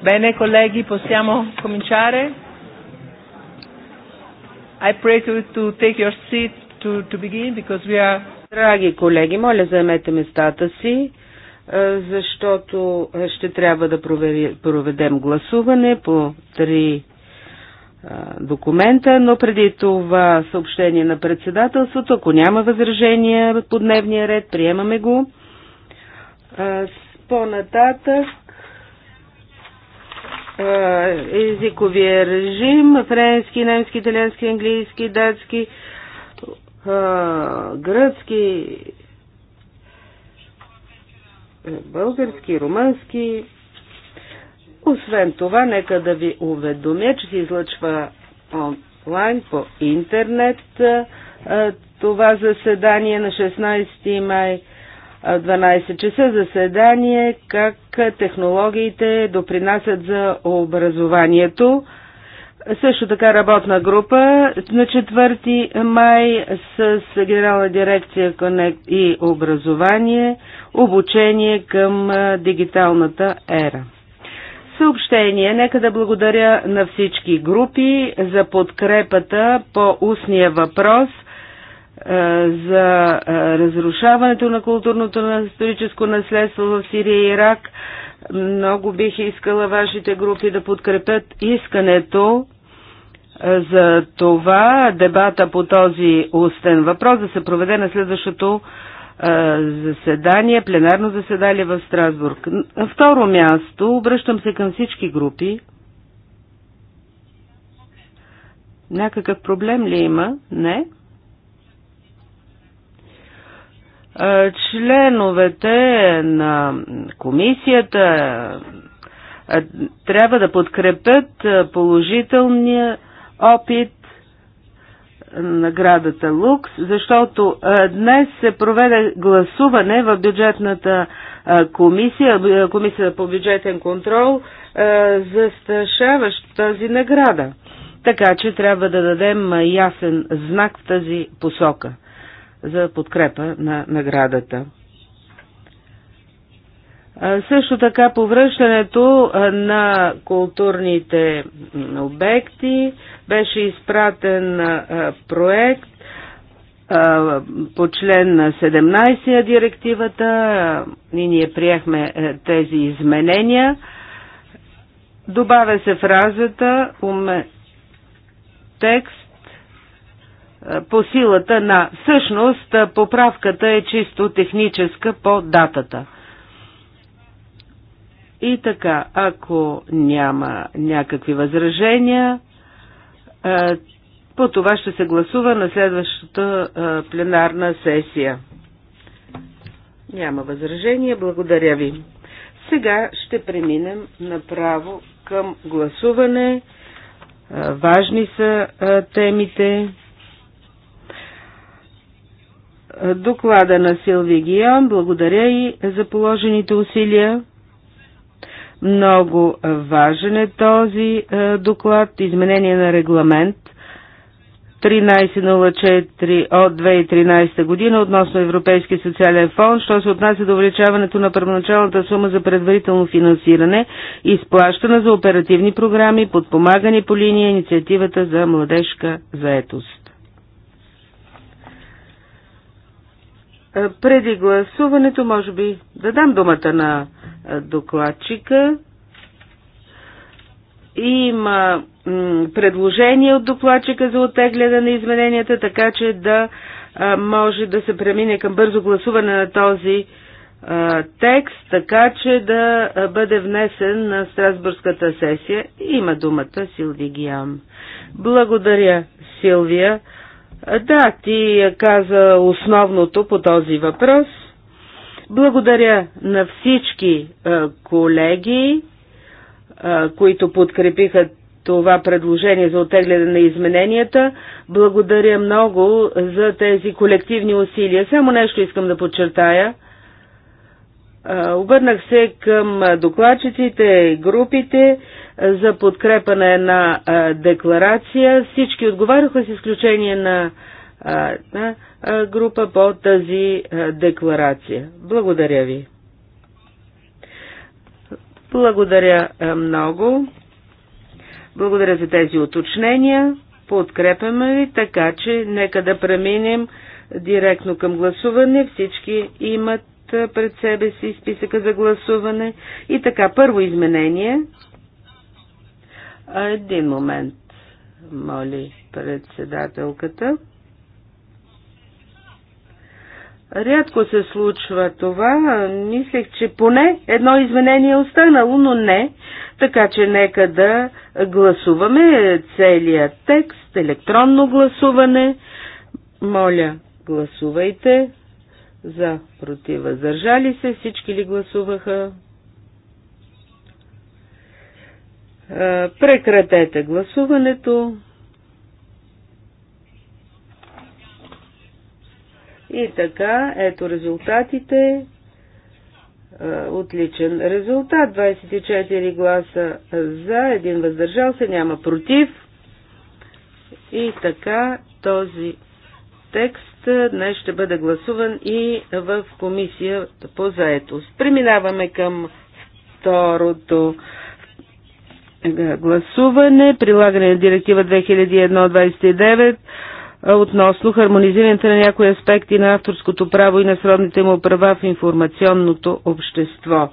Bene colleghi, possiamo cominciare? I pray to, to take your seat to, to begin because we are... Драги колеги, моля заемете местата си, е, защото ще трябва да проведем гласуване по три е, документа, но преди това съобщение на председателството, ако няма възражения по дневния ред, приемаме го. Е, по-нататък е, езиковия режим, френски, немски, италиански, английски, датски, е, гръцки, е, български, румънски. Освен това, нека да ви уведомя, че се излъчва онлайн по интернет това заседание на 16 май 12 часа заседание как технологиите допринасят за образованието. Също така работна група на 4 май с Генерална дирекция Connect и образование, обучение към дигиталната ера. Съобщение. Нека да благодаря на всички групи за подкрепата по устния въпрос – е, за е, разрушаването на културното на историческо наследство в Сирия и Ирак. Много бих искала вашите групи да подкрепят искането е, за това дебата по този устен въпрос да се проведе на следващото заседание, пленарно заседание в Страсбург. На второ място обръщам се към всички групи. Някакъв проблем ли има? Не. членовете на комисията трябва да подкрепят положителния опит наградата Лукс, защото днес се проведе гласуване в бюджетната комисия, комисията по бюджетен контрол, застрашаващ тази награда. Така че трябва да дадем ясен знак в тази посока за подкрепа на наградата. Също така повръщането на културните обекти беше изпратен проект по член на 17 на директивата и ние приехме тези изменения. Добавя се фразата текст е, по силата на... Всъщност, е, поправката е чисто техническа по датата. И така, ако няма някакви възражения, е, по това ще се гласува на следващата пленарна сесия. Няма възражения, благодаря ви. Сега ще преминем направо към гласуване. Важни са темите доклада на Силви Гион. Благодаря и за положените усилия. Много важен е този е, доклад, изменение на регламент 1304 от 2013 година относно Европейския социален фонд, що се отнася до увеличаването на първоначалната сума за предварително финансиране, изплащана за оперативни програми, подпомагани по линия инициативата за младежка заетост. Е, преди гласуването, може би, да дам думата на е, докладчика. Има предложение от докладчика за отегляне на измененията, така че да е, може да се премине към бързо гласуване на този текст, така че да бъде внесен на Страсбургската сесия. Има думата Силви Гиам. Благодаря, Силвия. Да, ти каза основното по този въпрос. Благодаря на всички е, колеги, е, които подкрепиха това предложение за отегляне на измененията. Благодаря много за тези колективни усилия. Само нещо искам да подчертая – Обърнах се към докладчиците, групите за подкрепа на една декларация. Всички отговаряха с изключение на група по тази декларация. Благодаря ви. Благодаря много. Благодаря за тези уточнения. Подкрепяме ви, така че нека да преминем директно към гласуване. Всички имат пред себе си списъка за гласуване. И така, първо изменение. Един момент, моли председателката. Рядко се случва това. Мислех, че поне едно изменение е останало, но не. Така че нека да гласуваме целият текст, електронно гласуване. Моля, гласувайте за, против, въздържали се, всички ли гласуваха? Прекратете гласуването. И така, ето резултатите. Отличен резултат. 24 гласа за, един въздържал се, няма против. И така, този текст днес ще бъде гласуван и в комисията по заетост. Преминаваме към второто гласуване, прилагане на директива 2001-29 относно хармонизирането на някои аспекти на авторското право и на сродните му права в информационното общество.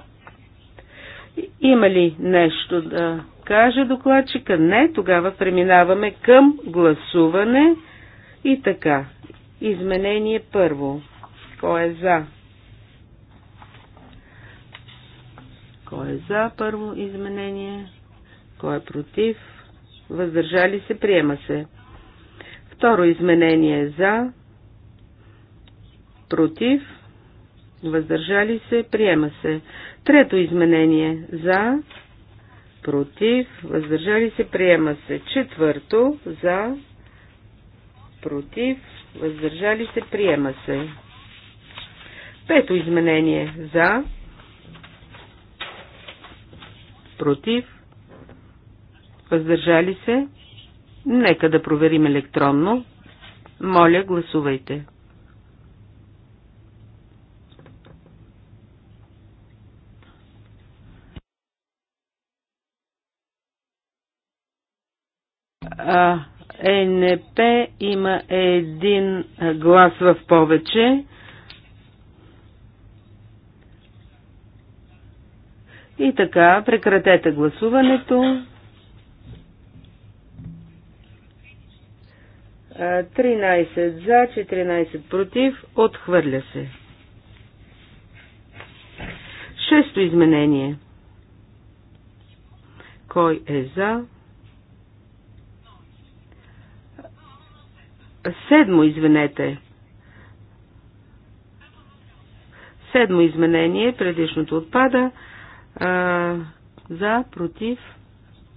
Има ли нещо да каже докладчика? Не, тогава преминаваме към гласуване. И така, Изменение първо. Кой е за? Кой е за първо изменение? Кой е против? Въздържали се, приема се. Второ изменение е за, против, въздържали се, приема се. Трето изменение е за, против, въздържали се, приема се. Четвърто за, против, въздържали се, приема се. Пето изменение за, против, въздържали се. Нека да проверим електронно. Моля, гласувайте. А, ЕНП има един глас в повече. И така, прекратете гласуването. 13 за, 14 против, отхвърля се. Шесто изменение. Кой е за? Седмо, извинете. Седмо изменение, предишното отпада. А, за, против,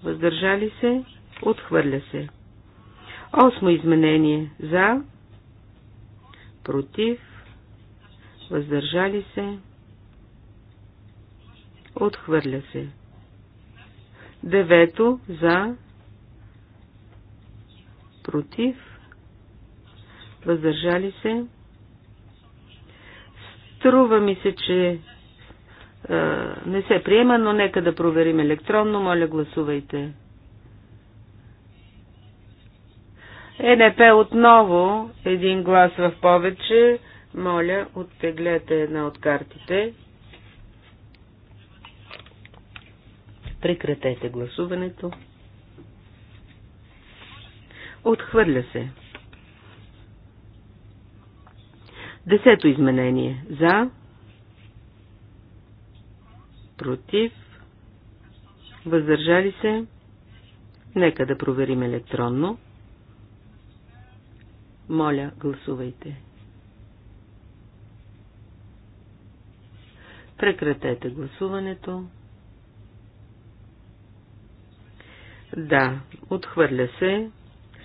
въздържали се, отхвърля се. Осмо изменение. За, против, въздържали се, отхвърля се. Девето. За, против, въздържали се. Струва ми се, че а, не се приема, но нека да проверим електронно. Моля, гласувайте. ЕНП отново един глас в повече. Моля, оттеглете една от картите. Прекратете гласуването. Отхвърля се. Десето изменение. За. Против. Въздържали се. Нека да проверим електронно. Моля, гласувайте. Прекратете гласуването. Да, отхвърля се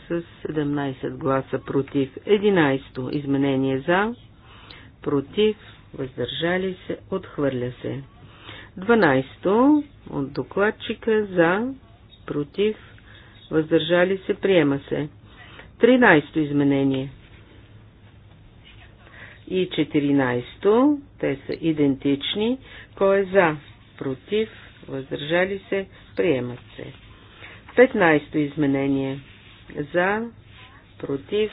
с 17 гласа против 11 изменение за, против, въздържали се, отхвърля се. 12. От докладчика за, против, въздържали се, приема се. 13. Изменение. И 14. Те са идентични. Кой е за, против, въздържали се, приемат се. 15. Изменение. За, против,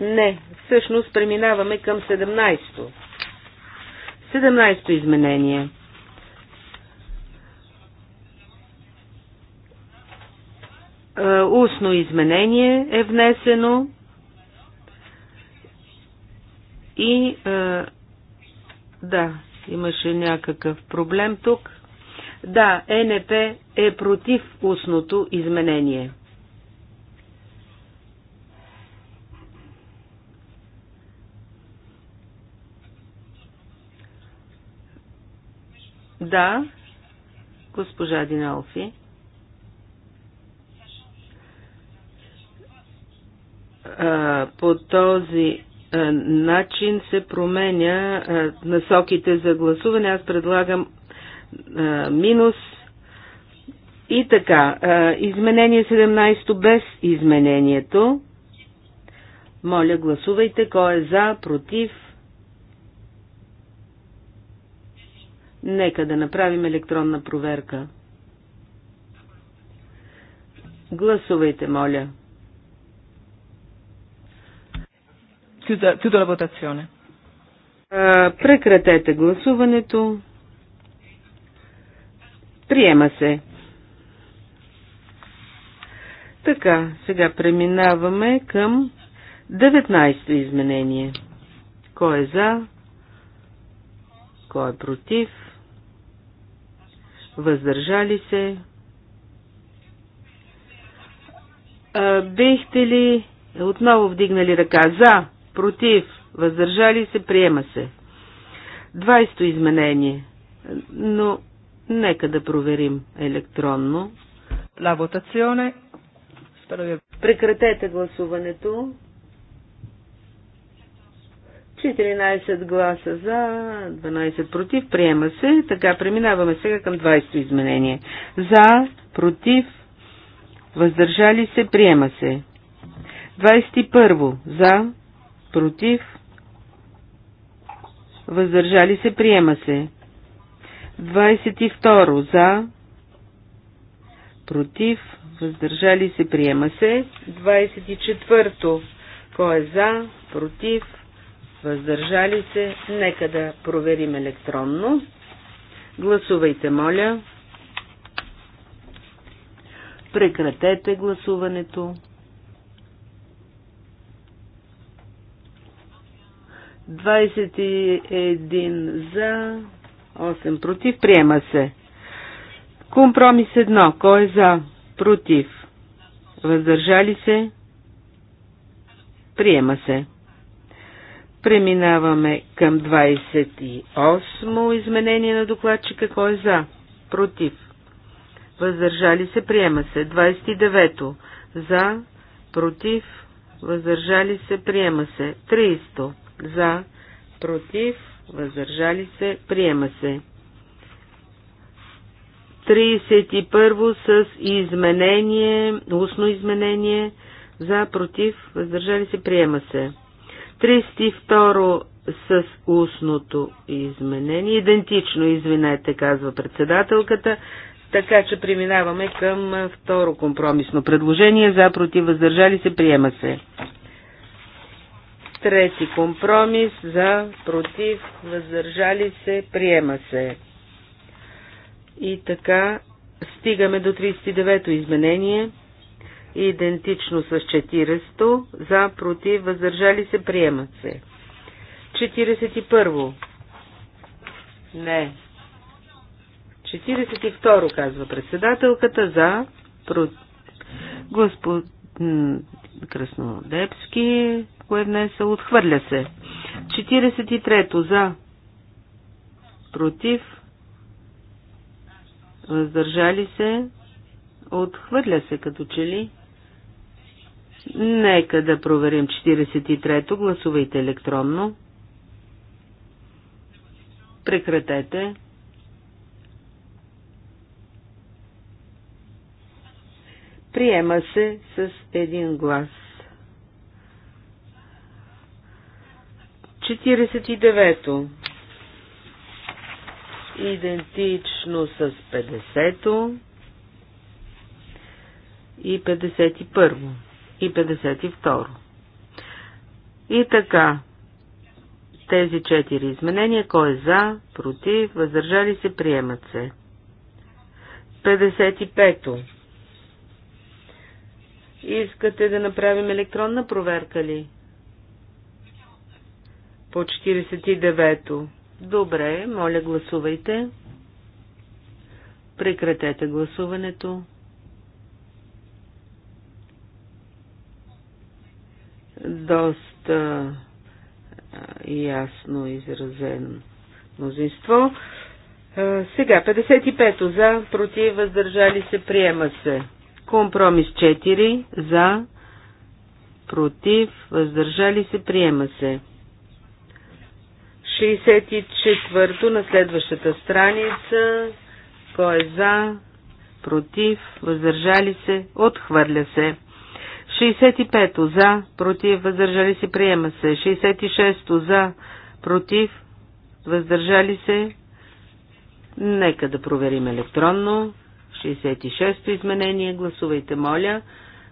Не, всъщност преминаваме към 17-то. 17-то изменение. Е, устно изменение е внесено и е, да, имаше някакъв проблем тук. Да, НП е против устното изменение. Да, госпожа Динолфи. По този начин се променя насоките за гласуване. Аз предлагам минус и така. Изменение 17 без изменението. Моля, гласувайте кой е за, против, Нека да направим електронна проверка. Гласувайте, моля. Чудо на votazione. Прекратете гласуването. Приема се. Така, сега преминаваме към 19-то изменение. Кой е за? Кой е против? въздържали се. Бихте ли отново вдигнали ръка за, против, въздържали се, приема се. 20 изменение, но нека да проверим електронно. La votazione. Прекратете гласуването. 14 гласа за, 12 против. Приема се. Така, преминаваме сега към 20-то изменение. За, против, въздържали се, приема се. 21. За, против, въздържали се, приема се. 22. За, против, въздържали се, приема се. 24. Кой е за, против, въздържали се, нека да проверим електронно. Гласувайте, моля. Прекратете гласуването. 21 за, 8 против. Приема се. Компромис 1. Кой е за? Против. Въздържали се? Приема се. Преминаваме към 28 изменение на докладчика. Кой е за? Против. Въздържали се, приема се. 29 За, против, въздържали се, приема се. 30. За, против, въздържали се, приема се. 31 с изменение, устно изменение, за, против, въздържали се, приема се. 32 с устното изменение. Идентично, извинете, казва председателката. Така че преминаваме към второ компромисно предложение. За против въздържали се приема се. Трети компромис за против въздържали се приема се. И така стигаме до 39-то изменение идентично с 40 за, против, въздържали се, приемат се. 41. Не. 42, казва председателката, за, против. Господ Краснодепски, кое е внесе, отхвърля се. 43-то за, против, въздържали се, отхвърля се като че ли. Нека да проверим 43-то. Гласувайте електронно. Прекратете. Приема се с един глас. 49-то. Идентично с 50-то и 51-во и 52. И така, тези четири изменения, кой е за, против, въздържали се, приемат се. 55-то. Искате да направим електронна проверка ли? По 49-то. Добре, моля гласувайте. Прекратете гласуването. доста ясно изразено мнозинство. Сега, 55-то за, против, въздържали се, приема се. Компромис 4 за, против, въздържали се, приема се. 64-то на следващата страница. Кой е за, против, въздържали се, отхвърля се. 65-то за, против, въздържали се, приема се. 66-то за, против, въздържали се. Нека да проверим електронно. 66-то изменение. Гласувайте, моля.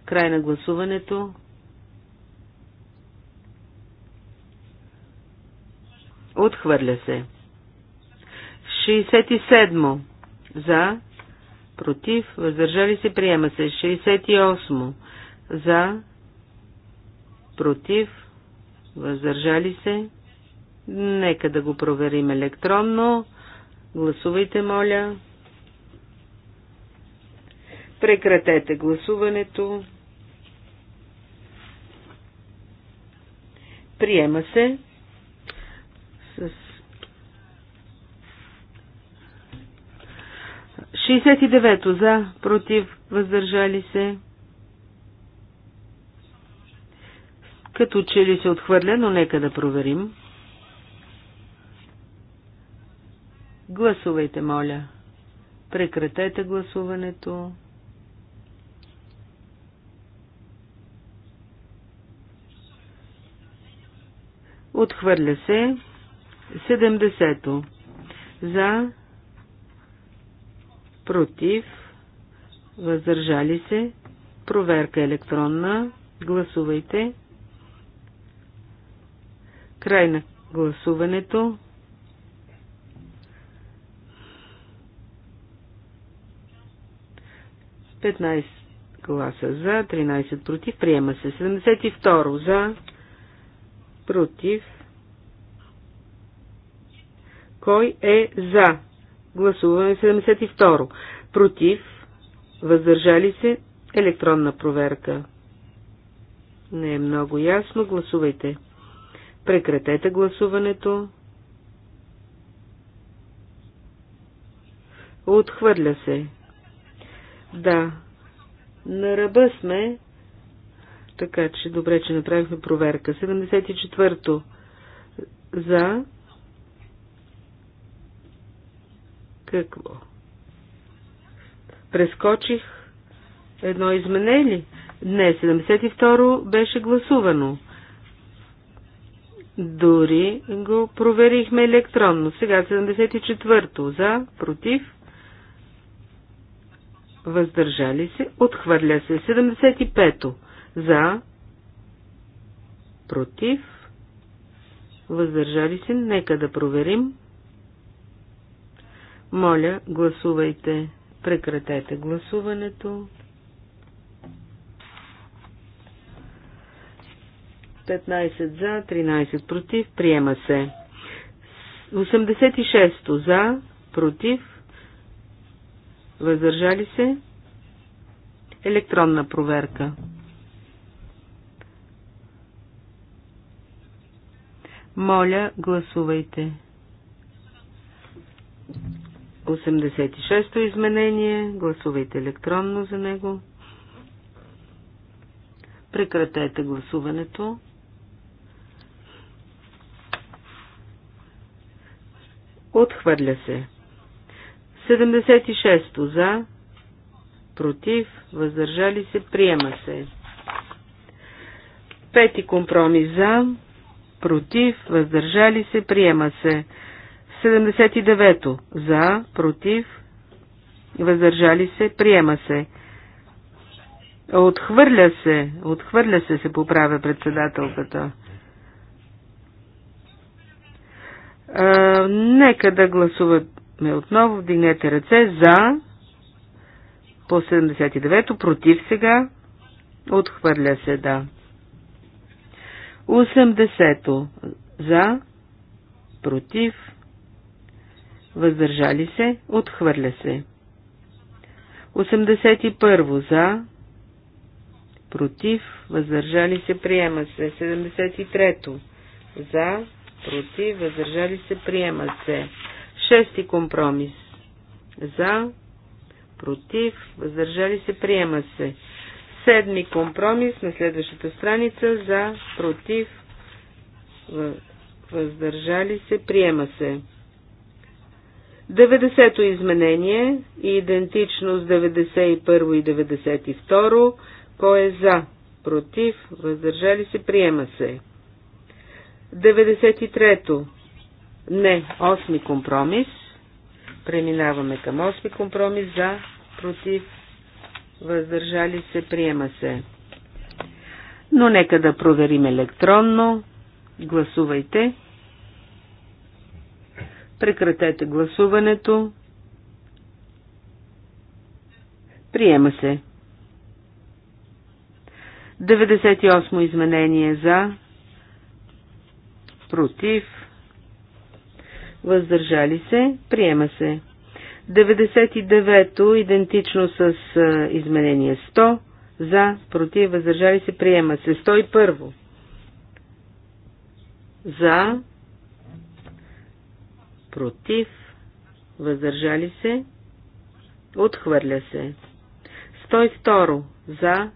Край на гласуването. Отхвърля се. 67 за, против, въздържали се, приема се. 68 за, против, въздържали се. Нека да го проверим електронно. Гласувайте, моля. Прекратете гласуването. Приема се с 69 за, против, въздържали се. Като че ли се отхвърля, но нека да проверим. Гласувайте, моля. Прекратете гласуването. Отхвърля се. 70-то. За. Против. Въздържали се. Проверка електронна. Гласувайте. Край на гласуването. Петнайсет гласа за, 13 против, приема се 72 за, против. Кой е за? Гласуваме 72. Против. Въздържали се. Електронна проверка. Не е много ясно. Гласувайте. Прекратете гласуването. Отхвърля се. Да. На ръба сме, така че добре, че направихме проверка. 74-то. За. Какво? Прескочих едно измене ли? Не, 72-ро беше гласувано. Дори го проверихме електронно. Сега 74-то за, против, въздържали се, отхвърля се. 75-то за, против, въздържали се. Нека да проверим. Моля, гласувайте. Прекратете гласуването. 15 за, 13 против, приема се. 86 за, против, въздържали се, електронна проверка. Моля, гласувайте. 86-то изменение. Гласувайте електронно за него. Прекратете гласуването. Отхвърля се. 76 за, против, въздържали се, приема се. Пети компромис за, против, въздържали се, приема се. 79 за, против, въздържали се, приема се. Отхвърля се, отхвърля се, се поправя председателката. А, нека да гласуваме отново. Вдигнете ръце за по 79-то, против сега. Отхвърля се, да. 80-то за, против, въздържали се, отхвърля се. 81 за, против, въздържали се, приема се. 73 за, против, въздържали се, приема се. Шести компромис. За, против, въздържали се, приема се. Седми компромис на следващата страница. За, против, въздържали се, приема се. 90-то идентично с 91 и 92. Кой е за? Против? Въздържали се? Приема се. 93-то. Не, 8 компромис. Преминаваме към 8 компромис за, против, въздържали се, приема се. Но нека да проверим електронно. Гласувайте. Прекратете гласуването. Приема се. 98 изменение за, против, въздържали се, приема се. 99-то, идентично с изменение 100, за, против, въздържали се, приема се. 101-во, за, против, въздържали се, отхвърля се. 102 за,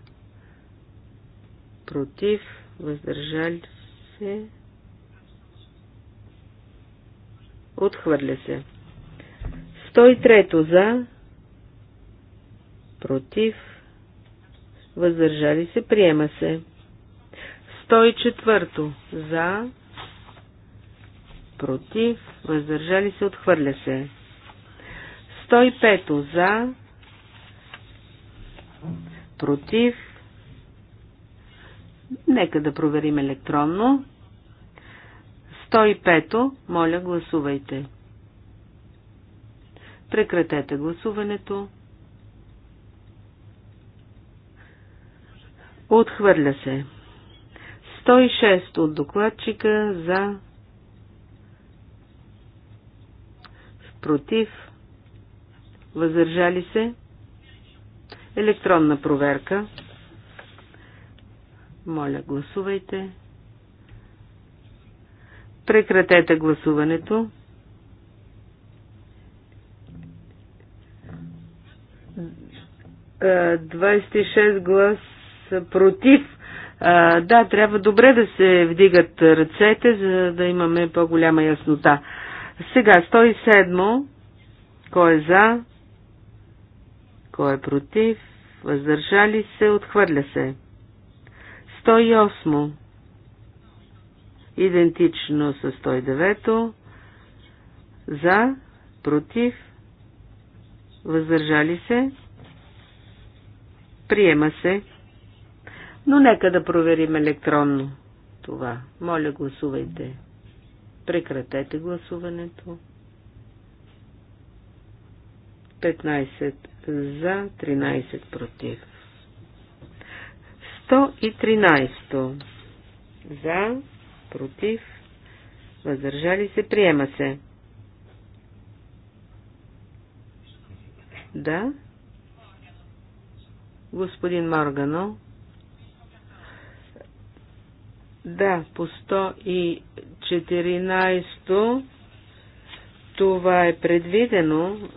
против, въздържали се, Отхвърля се. 103 за. Против. Въздържали се. Приема се. 104 за. Против. Въздържали се. Отхвърля се. 105 за. Против. Нека да проверим електронно. 105. Моля, гласувайте. Прекратете гласуването. Отхвърля се. 106 от докладчика за против въздържали се електронна проверка. Моля, гласувайте. Прекратете гласуването. Uh, 26 глас против. Uh, да, трябва добре да се вдигат ръцете, за да имаме по-голяма яснота. Сега, 107. Кой е за? Кой е против? Въздържали се? Отхвърля се. 108 идентично с 109 за, против, въздържали се, приема се, но нека да проверим електронно това. Моля, гласувайте. Прекратете гласуването. 15 за, 13 против. 113 за, против, въздържали се, приема се. Да. Господин Моргано. Да, по 114 това е предвидено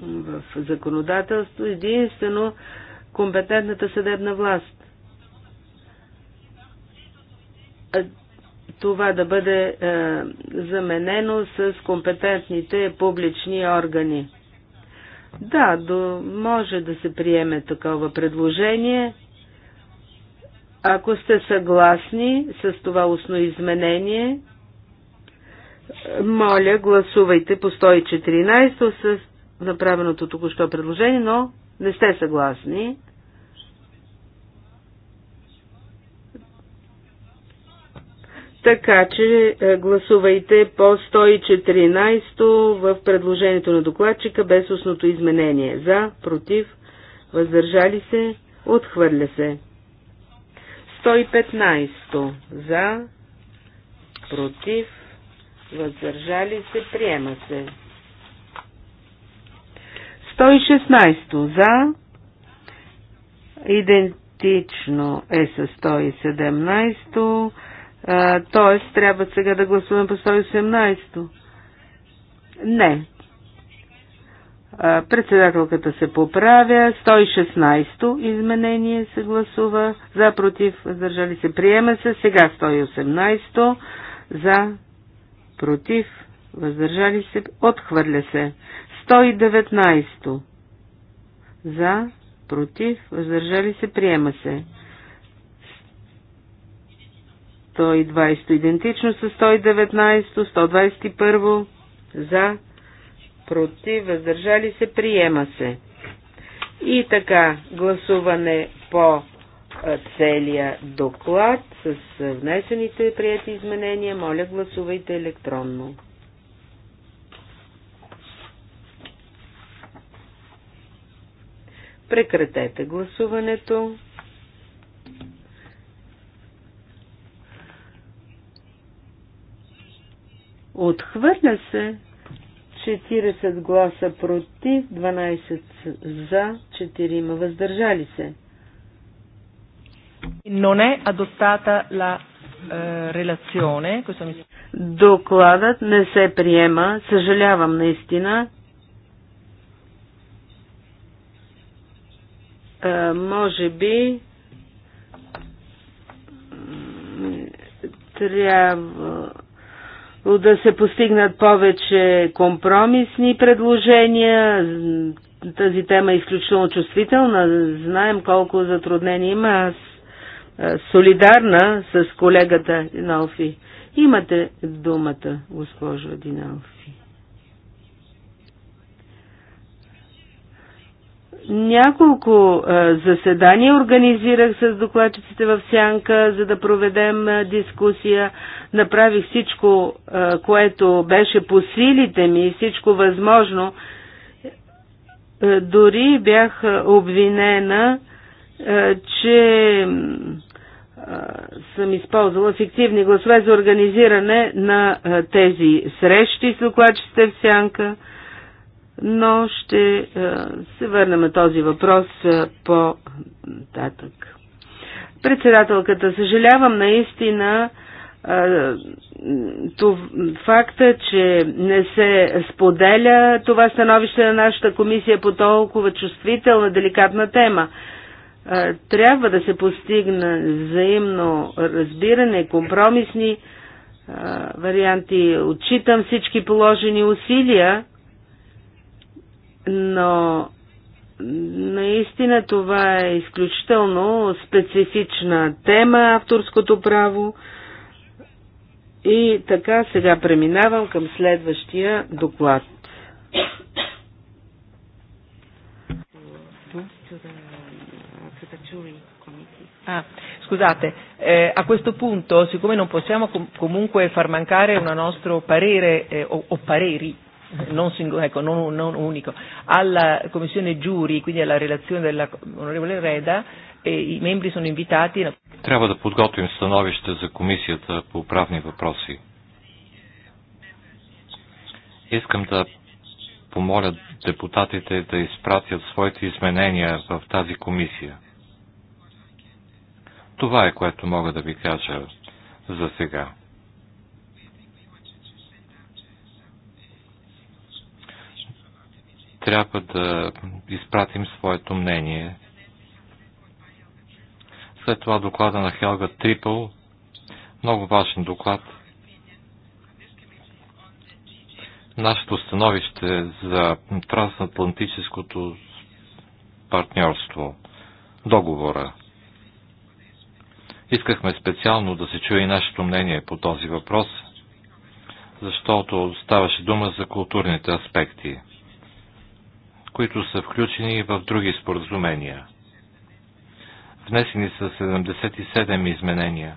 в законодателство единствено компетентната съдебна власт това да бъде е, заменено с компетентните публични органи. Да, до, може да се приеме такова предложение. Ако сте съгласни с това устно изменение, моля, гласувайте по 114 с направеното току-що предложение, но не сте съгласни. Така че е, гласувайте по 114 в предложението на докладчика без устното изменение. За, против, въздържали се, отхвърля се. 115 за, против, въздържали се, приема се. 116 за, идентично е с 117 т.е. трябва сега да гласуваме по 118-то. Не. Председателката се поправя. 116-то изменение се гласува. За, против, въздържали се, приема се. Сега 118-то. За, против, въздържали се, отхвърля се. 119-то. За, против, въздържали се, приема се. 120 идентично с 119, 121 за, против, въздържали се, приема се. И така, гласуване по целия доклад с внесените прияти изменения. Моля, гласувайте електронно. Прекратете гласуването. Отхвърля се 40 гласа против, 12 за, 4 въздържали се. Non è adottata la eh, Докладът не се приема. Съжалявам наистина. Е, може би трябва да се постигнат повече компромисни предложения. Тази тема е изключително чувствителна. Знаем колко затруднения има. Аз солидарна с колегата Диналфи. Имате думата, госпожо Диналфи. Няколко е, заседания организирах с докладчиците в Сянка, за да проведем е, дискусия. Направих всичко, е, което беше по силите ми, всичко възможно. Дори бях обвинена, че съм използвала фиктивни гласове за организиране на тези срещи с докладчиците в Сянка – но ще е, се върнем на този въпрос е, по-нататък. Председателката, съжалявам наистина е, факта, че не се споделя това становище на нашата комисия по толкова чувствителна, деликатна тема. Трябва да се постигне взаимно разбиране, компромисни варианти. Отчитам всички положени усилия но наистина това е изключително специфична тема авторското право. И така сега преминавам към следващия доклад. scusate, eh, a questo punto, siccome non possiamo com- comunque far mancare un nostro parere eh, o, o pareri non, ecco, non, non unico, alla commissione giuri, quindi alla relazione dell'onorevole Reda, e i membri sono invitati. На... да подготвим становище за комисията по правни въпроси. Искам да помоля депутатите да изпратят своите изменения в тази комисия. Това е което мога да ви кажа за сега. трябва да изпратим своето мнение. След това доклада на Хелга Трипъл, много важен доклад. Нашето становище за трансатлантическото партньорство, договора. Искахме специално да се чуе и нашето мнение по този въпрос, защото ставаше дума за културните аспекти – които са включени в други споразумения. Внесени са 77 изменения.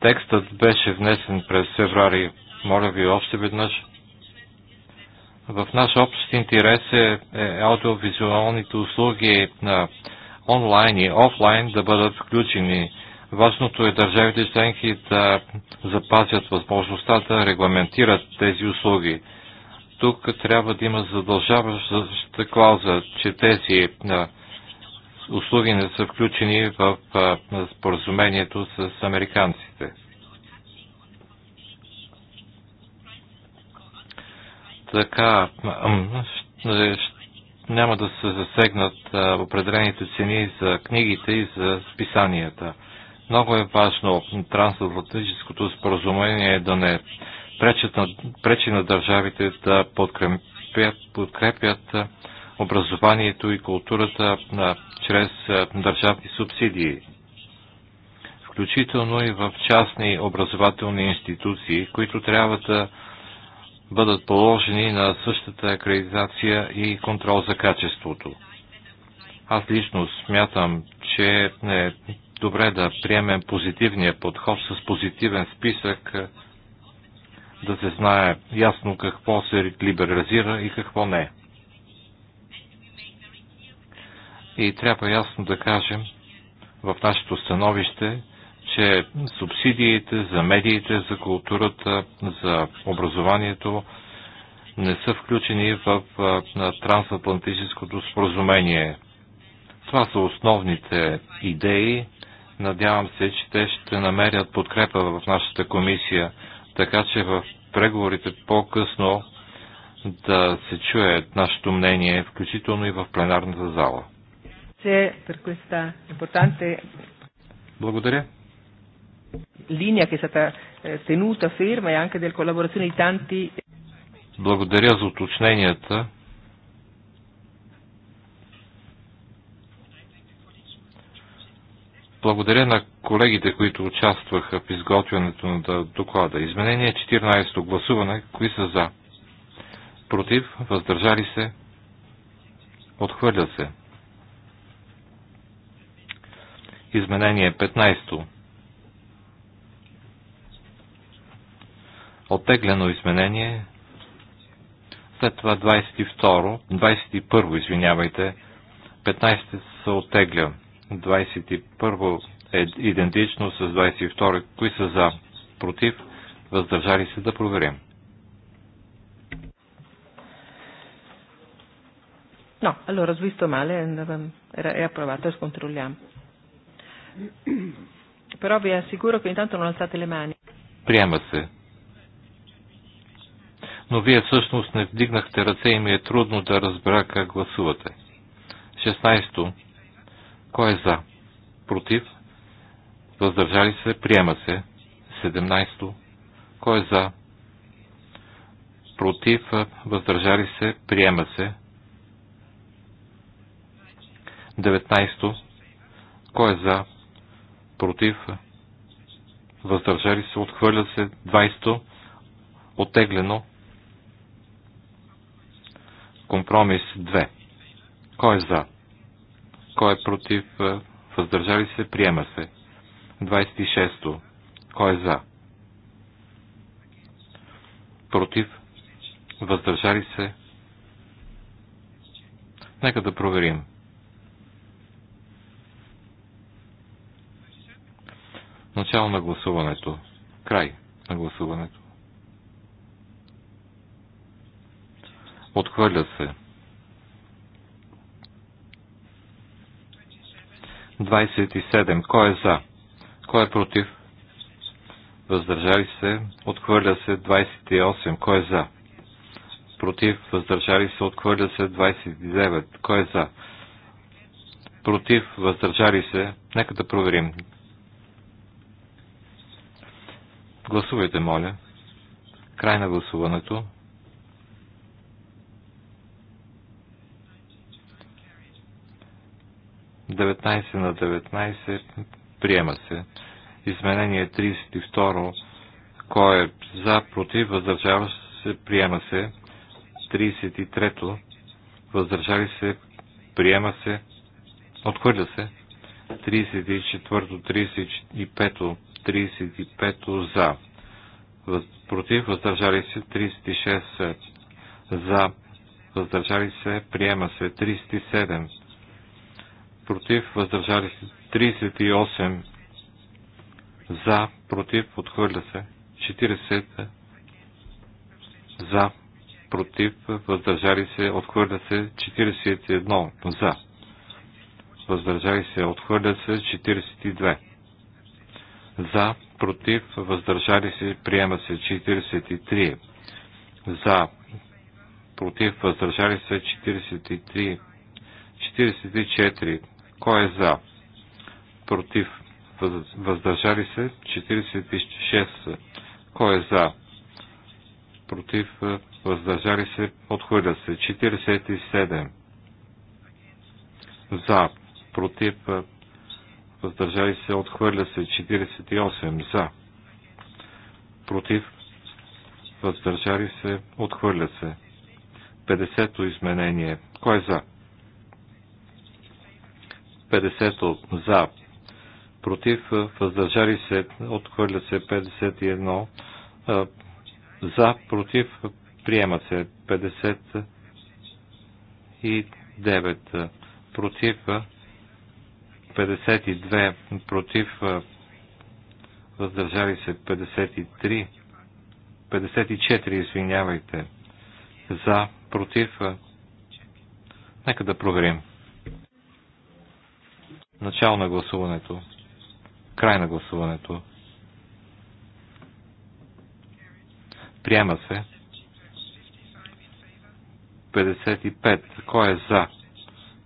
Текстът беше внесен през феврари. Моля ви още веднъж. В наш общ интерес е, е аудиовизуалните услуги на онлайн и офлайн да бъдат включени Важното е държавите членки да запазят възможността да регламентират тези услуги. Тук трябва да има задължаваща клауза, че тези услуги не са включени в споразумението с американците. Така няма да се засегнат определените цени за книгите и за списанията. Много е важно трансатлантическото споразумение да не пречат на, пречи на държавите да подкрепят, подкрепят образованието и културата на, чрез държавни субсидии, включително и в частни образователни институции, които трябва да бъдат положени на същата акредитация и контрол за качеството. Аз лично смятам, че не, добре да приемем позитивния подход с позитивен списък, е, да се знае ясно какво се либерализира и какво не. И трябва ясно да кажем в нашето становище, че субсидиите за медиите, за културата, за образованието не са включени в е, трансатлантическото споразумение. Това са основните идеи, Надявам се, че те ще намерят подкрепа в нашата комисия, така че в преговорите по-късно да се чуе нашето мнение, включително и в пленарната зала. Благодаря. Линия, che тенута stata и анка дел anche della collaborazione Благодаря за уточненията. Благодаря на колегите, които участваха в изготвянето на доклада. Изменение 14. Гласуване. Кои са за? Против? Въздържали се? Отхвърля се. Изменение 15. Оттеглено изменение. След това 22. 21. Извинявайте. 15 се оттегля. 21 е идентично с 22. Кои са за? Против? Въздържали се да проверим. No, allora ho visto male, è approvato, scontrolliamo. Però vi assicuro che intanto non alzate le mani. Приема се. Но вие всъщност не вдигнахте ръце и ми е трудно да разбера как гласувате. 16. Кой е за? Против? Въздържали се? Приема се. 17. Кой е за? Против? Въздържали се? Приема се. 19. Кой е за? Против? Въздържали се? Отхвърля се. 20. Отеглено. Компромис 2. Кой е за? Кой е против? Е, въздържали се? Приема се. 26. Кой е за? Против? Въздържали се? Нека да проверим. Начало на гласуването. Край на гласуването. Отхвърля се. 27. Кой е за? Кой е против? Въздържали се. Отхвърля се 28. Кой е за? Против. Въздържали се. Отхвърля се 29. Кой е за? Против. Въздържали се. Нека да проверим. Гласувайте, моля. Край на гласуването. 19 на 19 приема се. Изменение 32. Кой е за, против, въздържава се, приема се. 33. Въздържали се, приема се, отхвърля се. 34, 35, 35 за. Против, въздържали се, 36 за. Въздържали се, приема се, 37 против, въздържали се 38 за, против, отхвърля се 40 за, против, въздържали се, отхвърля се 41 за, въздържали се, отхвърля се 42 за, против, въздържали се, приема се 43 за, против, въздържали се 43 44 кой е за? Против? Въздържали се? 46. Кой е за? Против? Въздържали се? Отхвърля се. 47. За? Против? Въздържали се? Отхвърля се. 48. За? Против? Въздържали се? Отхвърля се. 50-то изменение. Кой е за? 50 за, против, въздържали се, отхвърля се 51, за, против, приема се 59, против, 52, против, въздържали се 53, 54, извинявайте, за, против, нека да проверим. Начало на гласуването. Край на гласуването. Приема се. 55. Кой е за?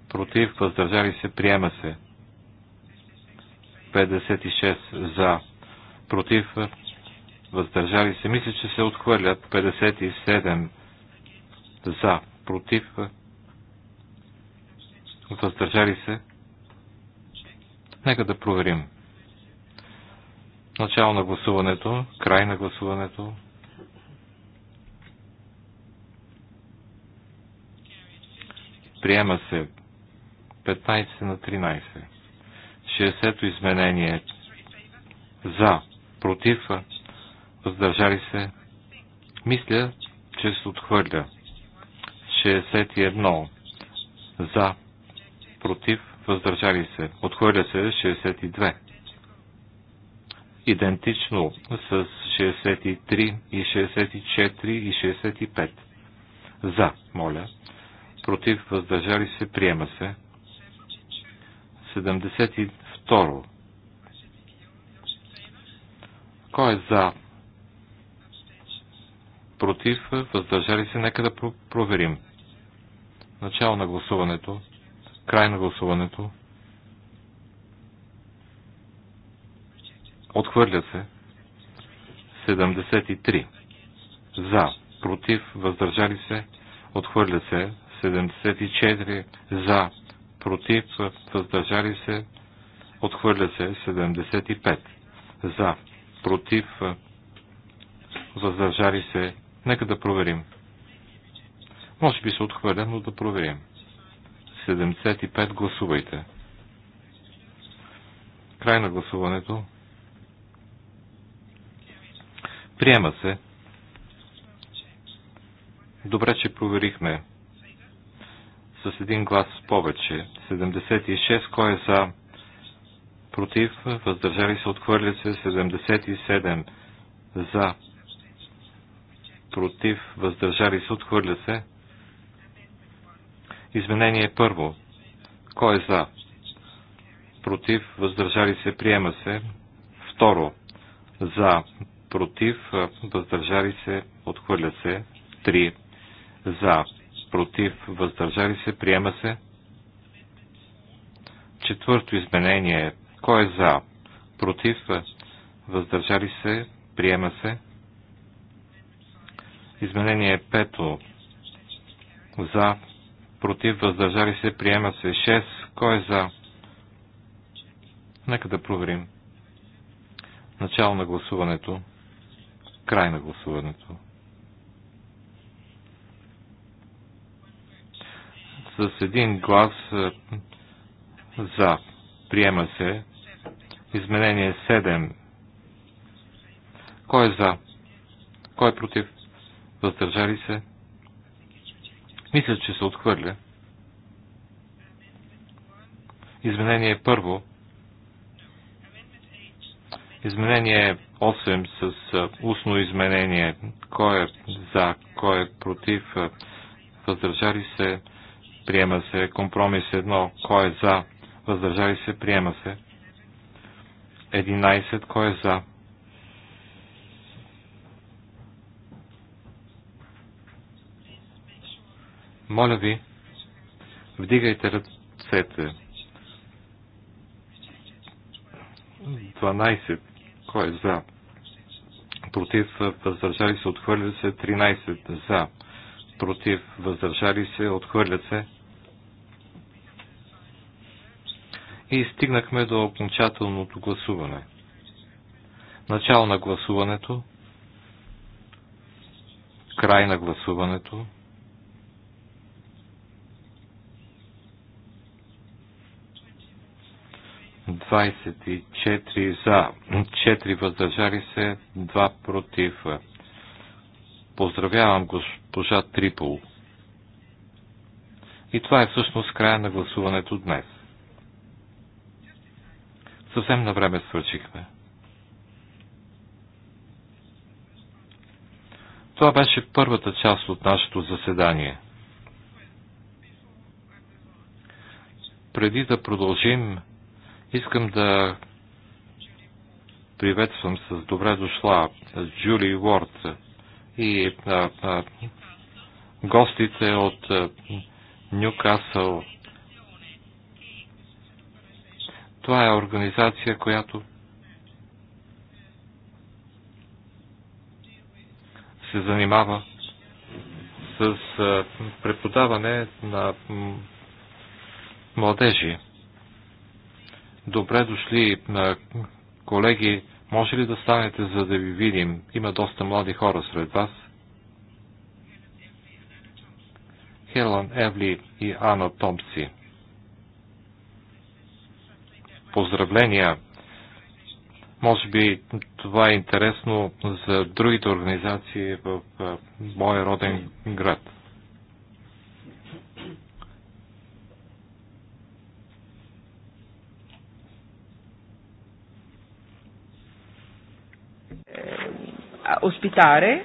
Против, въздържали се, приема се. 56 за. Против, въздържали се. Мисля, че се отхвърлят. 57 за. Против, въздържали се. Нека да проверим. Начало на гласуването, край на гласуването. Приема се 15 на 13. 60-то изменение за, против, въздържали се. Мисля, че се отхвърля. 61 за, против, въздържали се, отхвърля се 62. Идентично с 63 и 64 и 65. За, моля. Против, въздържали се, приема се. 72. Кой е за? Против, въздържали се, нека да проверим. Начало на гласуването. 72. Край на гласуването. Отхвърля се. 73. За. Против. Въздържали се. Отхвърля се. 74. За. Против. Въздържали се. Отхвърля се. 75. За. Против. Въздържали се. Нека да проверим. Може би се отхвърля, но да проверим. 75. 75 гласувайте. Край на гласуването. Приема се. Добре, че проверихме. С един глас повече. 76. Кой е за? Против. Въздържали се. Отхвърля се. 77. За. Против. Въздържали се. Отхвърля се. Изменение първо. Кой е за? Против, въздържали се, приема се. Второ. За, против, въздържали се, отхвърля се. Три. За, против, въздържали се, приема се. Четвърто изменение. Кой е за? Против, въздържали се, приема се. Изменение пето. За, против, въздържали се, приема се 6. Кой е за? Нека да проверим. Начало на гласуването. Край на гласуването. С един глас е, за. Приема се. Изменение 7. Кой е за? Кой е против? Въздържали се? Мисля, че се отхвърля. Изменение първо. Изменение 8 с устно изменение. Кой е за, кой е против, въздържали се, приема се. Компромис 1, кой е за, въздържали се, приема се. 11, кой е за, Моля ви, вдигайте ръцете. 12. Кой е за? Против, въздържали се, отхвърля се. 13. За. Против, въздържали се, отхвърлят се. И стигнахме до окончателното гласуване. Начало на гласуването. Край на гласуването. 24 за, 4 въздържали се, 2 против. Поздравявам госпожа Трипол. И това е всъщност края на гласуването днес. Съвсем на време свършихме. Това беше първата част от нашето заседание. Преди да продължим Искам да приветствам с добре дошла Джули Уорд и а, а, гостите от Нюкасъл. Това е организация, която се занимава с преподаване на младежи. Добре дошли, колеги. Може ли да станете, за да ви видим? Има доста млади хора сред вас. Хелан Евли и Ана Томпси. Поздравления! Може би това е интересно за другите организации в моя роден град. ospitare,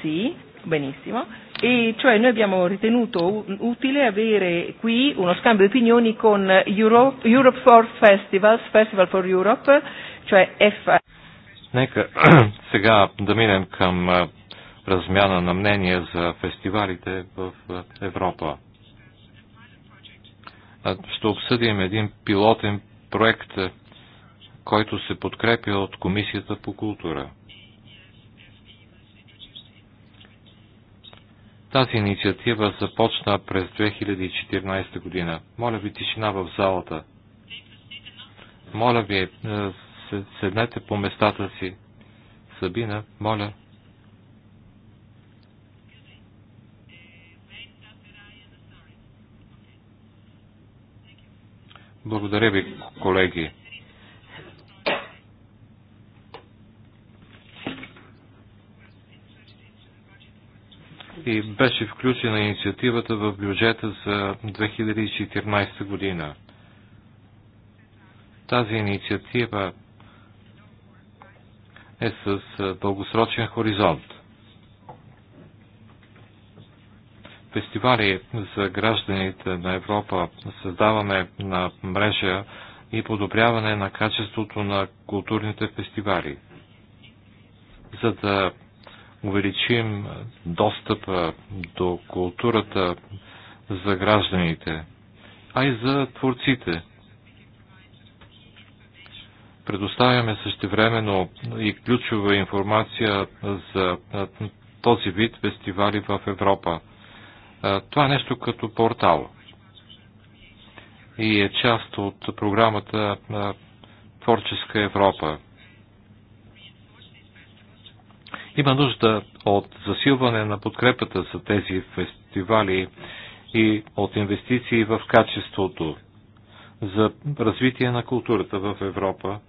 sì, benissimo, e cioè noi abbiamo ritenuto utile avere qui uno scambio di opinioni con Europe, Europe for Festivals, Festival for Europe, cioè F. Нека сега да минем към размяна на мнение за фестивалите в Европа. Ще обсъдим един пилотен проект който се подкрепя от Комисията по култура. Тази инициатива започна през 2014 година. Моля ви тишина в залата. Моля ви, е, седнете по местата си. Сабина, моля. Благодаря ви, колеги. и беше включена инициативата в бюджета за 2014 година. Тази инициатива е с дългосрочен хоризонт. Фестивали за гражданите на Европа създаваме на мрежа и подобряване на качеството на културните фестивали, за да увеличим достъпа до културата за гражданите, а и за творците. Предоставяме същевременно и ключова информация за този вид фестивали в Европа. Това е нещо като портал и е част от програмата на Творческа Европа. Има нужда от засилване на подкрепата за тези фестивали и от инвестиции в качеството за развитие на културата в Европа.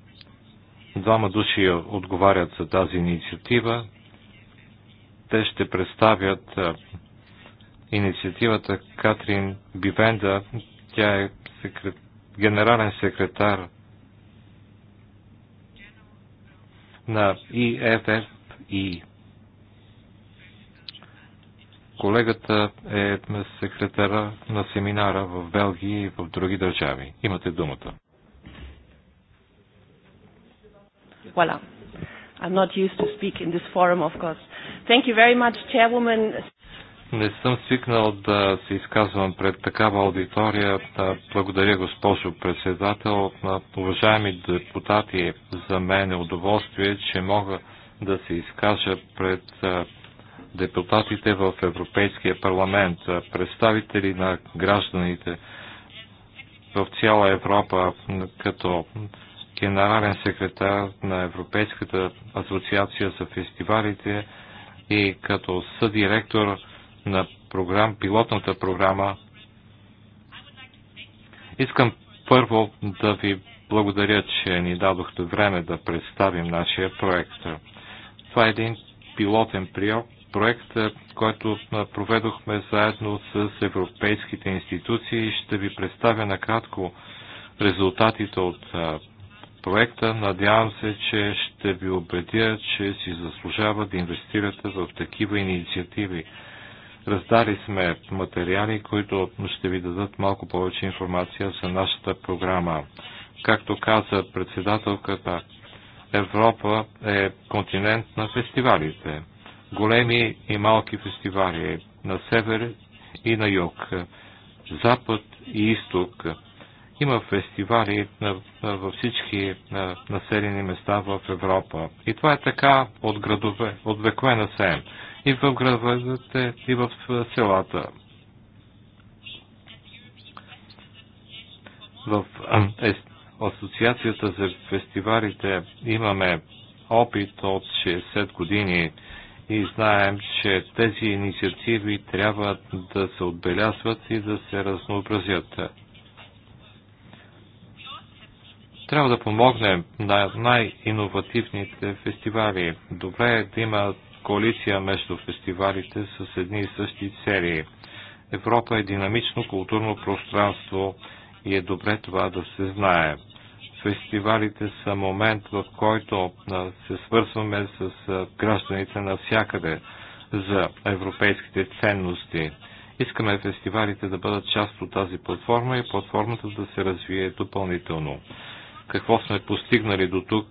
Двама души отговарят за тази инициатива. Те ще представят инициативата Катрин Бивенда. Тя е секрет... генерален секретар на ИФФ е е и Колегата е секретара на семинара в Белгия и в други държави. Имате думата. Voilà. I'm not used to speak in this forum, of course. Thank you very much, Chairwoman. Не съм свикнал да се изказвам пред такава аудитория. Благодаря, госпожо председател. Уважаеми депутати, за мен е удоволствие, че мога да се изкажа пред депутатите в Европейския парламент, представители на гражданите в цяла Европа, като генерален секретар на Европейската асоциация за фестивалите и като съдиректор на програм, пилотната програма. Искам първо да ви благодаря, че ни дадохте време да представим нашия проект. Това е един пилотен проект, който проведохме заедно с европейските институции. Ще ви представя накратко резултатите от проекта. Надявам се, че ще ви убедя, че си заслужава да инвестирате в такива инициативи. Раздали сме материали, които ще ви дадат малко повече информация за нашата програма. Както каза председателката, Европа е континент на фестивалите. Големи и малки фестивали на север и на юг, запад и изток. Има фестивали във всички населени места в Европа. И това е така от градове, от векове на сем. И в градовете, и в селата. В е, Асоциацията за фестивалите имаме опит от 60 години и знаем, че тези инициативи трябва да се отбелязват и да се разнообразят. Трябва да помогнем на най-инновативните фестивали. Добре е да има коалиция между фестивалите с едни и същи цели. Европа е динамично културно пространство и е добре това да се знае. Фестивалите са момент, в който се свързваме с гражданите навсякъде за европейските ценности. Искаме фестивалите да бъдат част от тази платформа и платформата да се развие допълнително. Какво сме постигнали до тук?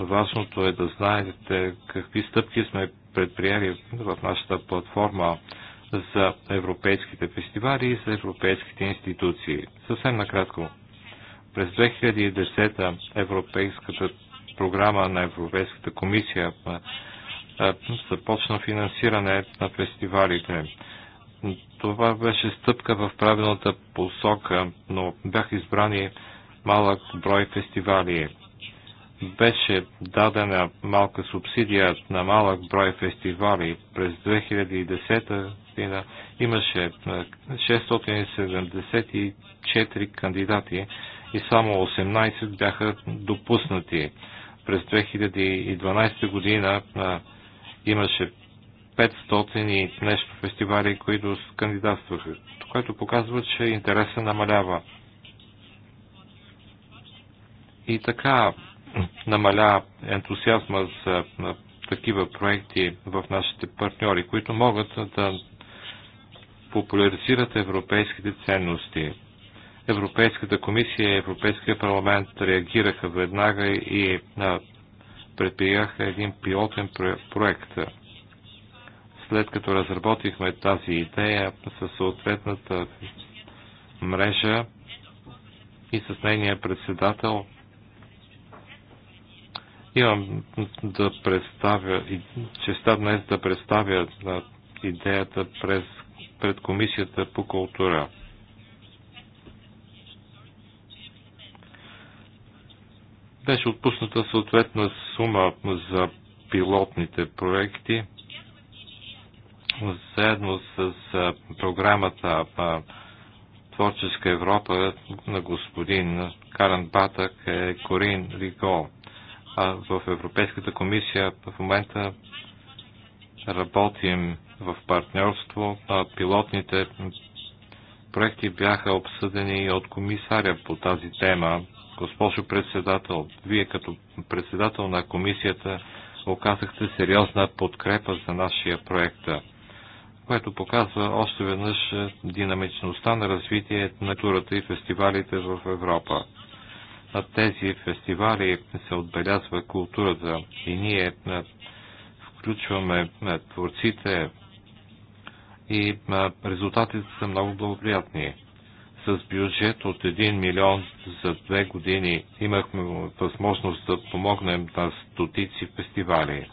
Важното е да знаете какви стъпки сме предприели в нашата платформа за европейските фестивали и за европейските институции. Съвсем накратко през 2010 Европейската програма на Европейската комисия започна финансиране на фестивалите. Това беше стъпка в правилната посока, но бях избрани малък брой фестивали. Беше дадена малка субсидия на малък брой фестивали. През 2010 година имаше 674 кандидати и само 18 бяха допуснати. През 2012 година имаше 500 и нещо фестивали, които кандидатстваха, което показва, че интереса намалява. И така намаля ентусиазма за такива проекти в нашите партньори, които могат да популяризират европейските ценности. Европейската комисия и Европейския парламент реагираха веднага и предприяха един пилотен проект. След като разработихме тази идея със съответната мрежа и с нейния председател, имам да представя, честа днес да представя идеята през, пред Комисията по култура. Беше отпусната съответна сума за пилотните проекти, заедно с програмата Творческа Европа на господин Каран Батък е Корин Риго. А в Европейската комисия в момента работим в партньорство. А пилотните проекти бяха обсъдени от комисаря по тази тема Госпожо председател, вие като председател на комисията оказахте сериозна подкрепа за нашия проект, което показва още веднъж е, динамичността на развитие на турата и фестивалите в Европа. На тези фестивали се отбелязва културата и ние е, включваме е, творците и резултатите са много благоприятни с бюджет от 1 милион за две години имахме възможност да помогнем на стотици фестивали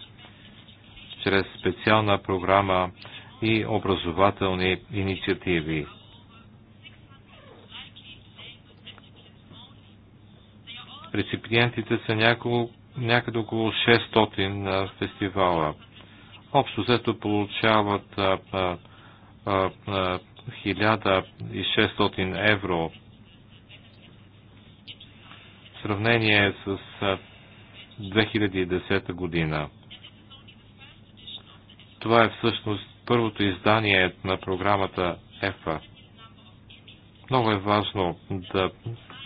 чрез специална програма и образователни инициативи. Реципиентите са няколко, някъде около 600 на фестивала. Общо взето получават а, а, а, 1600 евро в сравнение с 2010 година. Това е всъщност първото издание на програмата ЕФА. Много е важно да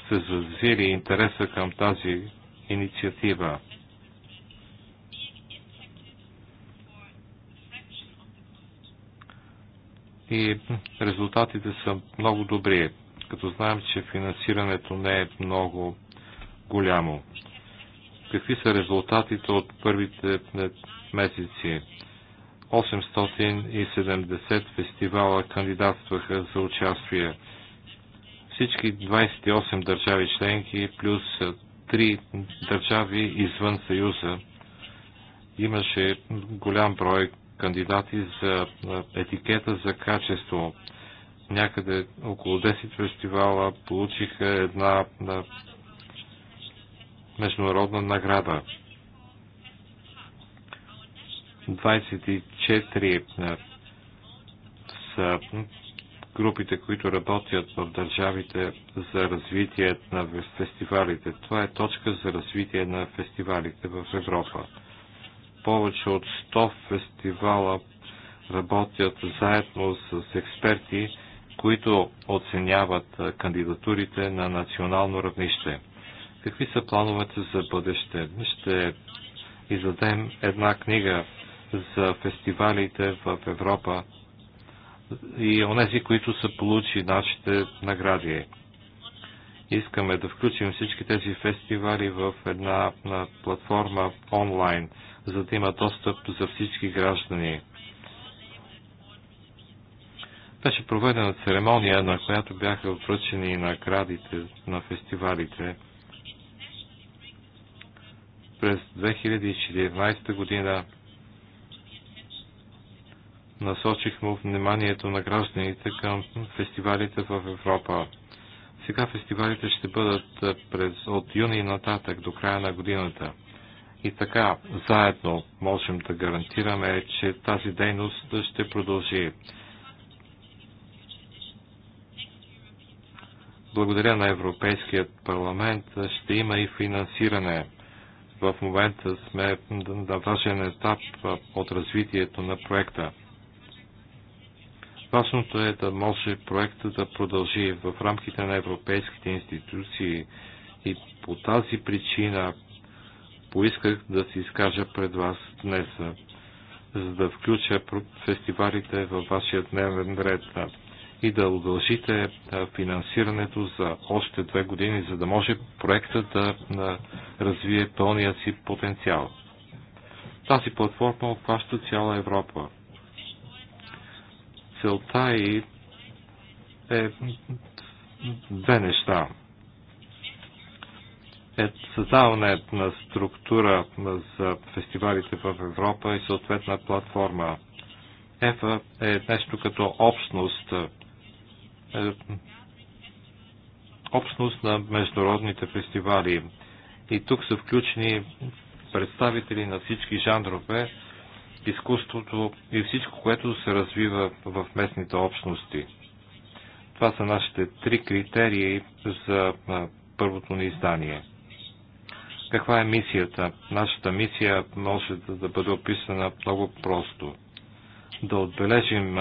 се зазири интереса към тази инициатива. и резултатите са много добри, като знаем, че финансирането не е много голямо. Какви са резултатите от първите е, месеци? 870 фестивала кандидатстваха за участие. Всички 28 държави членки плюс 3 е, държави извън Съюза имаше голям брой кандидати за етикета за качество. Някъде около 10 фестивала получиха една международна награда. 24 са групите, които работят в държавите за развитие на фестивалите. Това е точка за развитие на фестивалите в Европа повече от 100 фестивала работят заедно с експерти, които оценяват кандидатурите на национално равнище. Какви са плановете за бъдеще? Ще издадем една книга за фестивалите в Европа и онези, които са получи нашите награди. Искаме да включим всички тези фестивали в една платформа онлайн, за да има достъп за всички граждани. Беше проведена церемония, на която бяха връчени наградите на фестивалите. През 2014 година насочихме вниманието на гражданите към фестивалите в Европа. Сега фестивалите ще бъдат през, от юни нататък до края на годината. И така, заедно можем да гарантираме, че тази дейност ще продължи. Благодаря на Европейският парламент ще има и финансиране. В момента сме на важен етап от развитието на проекта. Важното е да може проектът да продължи в рамките на европейските институции и по тази причина поисках да се изкажа пред вас днес, за да включа фестивалите във вашия дневен ред и да удължите финансирането за още две години, за да може проектът да развие пълния си потенциал. Тази платформа обхваща цяла Европа целта и е две неща. Е създаване на структура за фестивалите в Европа и съответна платформа. ЕФА е нещо като общност, е, общност на международните фестивали. И тук са включени представители на всички жанрове изкуството и всичко, което се развива в местните общности. Това са нашите три критерии за първото ни издание. Каква е мисията? Нашата мисия може да бъде описана много просто. Да отбележим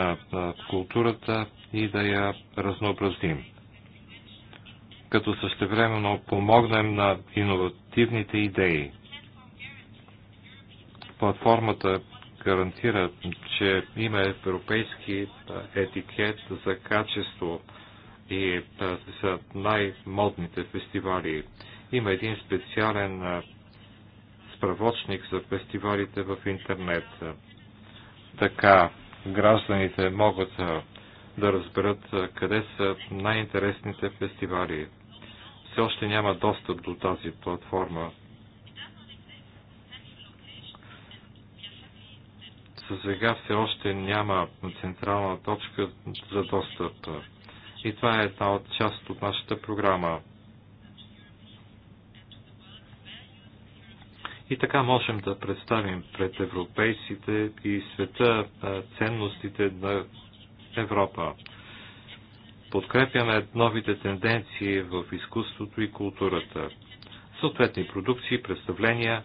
културата и да я разнообразим. Като същевременно помогнем на иновативните идеи. Платформата гарантира, че има европейски етикет за качество и за най-модните фестивали. Има един специален справочник за фестивалите в интернет. Така гражданите могат да разберат къде са най-интересните фестивали. Все още няма достъп до тази платформа За сега все още няма централна точка за достъп. И това е една от част от нашата програма. И така можем да представим пред европейците и света ценностите на Европа. Подкрепяме новите тенденции в изкуството и културата. Съответни продукции, представления,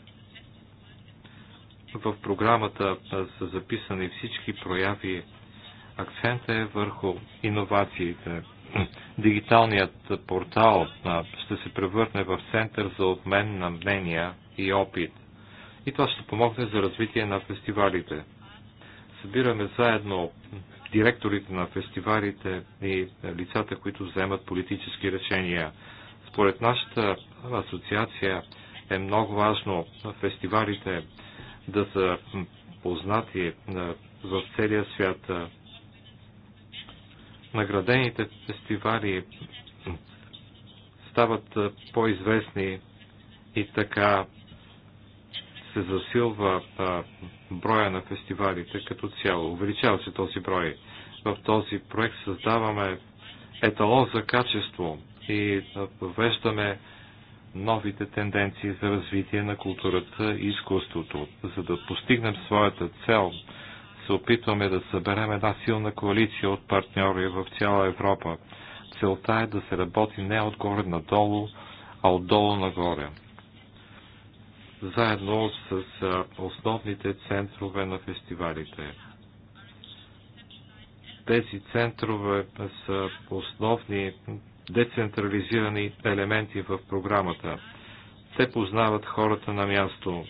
в програмата са записани всички прояви. Акцентът е върху иновациите. Дигиталният портал ще се превърне в център за обмен на мнения и опит. И това ще помогне за развитие на фестивалите. Събираме заедно директорите на фестивалите и лицата, които вземат политически решения. Според нашата асоциация е много важно фестивалите да са познати е, в целия свят. Е, наградените фестивали стават е, по-известни и така се засилва броя на фестивалите като цяло. Увеличава се този брой. В този проект създаваме еталон за качество и въвеждаме новите тенденции за развитие на културата и изкуството. За да постигнем своята цел, се опитваме да съберем една силна коалиция от партньори в цяла Европа. Целта е да се работи не отгоре надолу, а отдолу нагоре. Заедно с основните центрове на фестивалите. Тези центрове са основни децентрализирани елементи в програмата. Те познават хората на място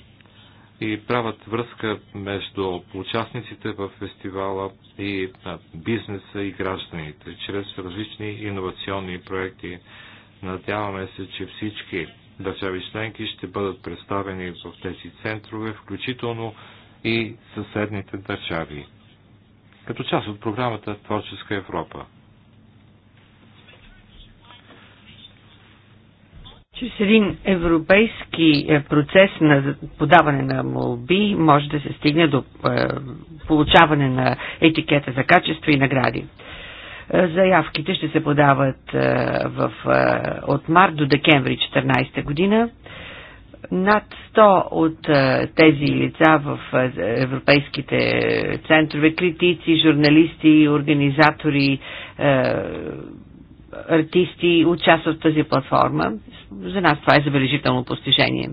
и правят връзка между участниците в фестивала и бизнеса и гражданите чрез различни иновационни проекти. Надяваме се, че всички държави членки ще бъдат представени в тези центрове, включително и съседните държави. Като част от програмата Творческа Европа. чрез един европейски е, процес на подаване на молби може да се стигне до е, получаване на етикета за качество и награди. Е, заявките ще се подават в, от март до декември 2014 година. Над 100 от тези лица в европейските центрове, критици, журналисти, организатори, артисти участват в тази платформа. За нас това е забележително постижение.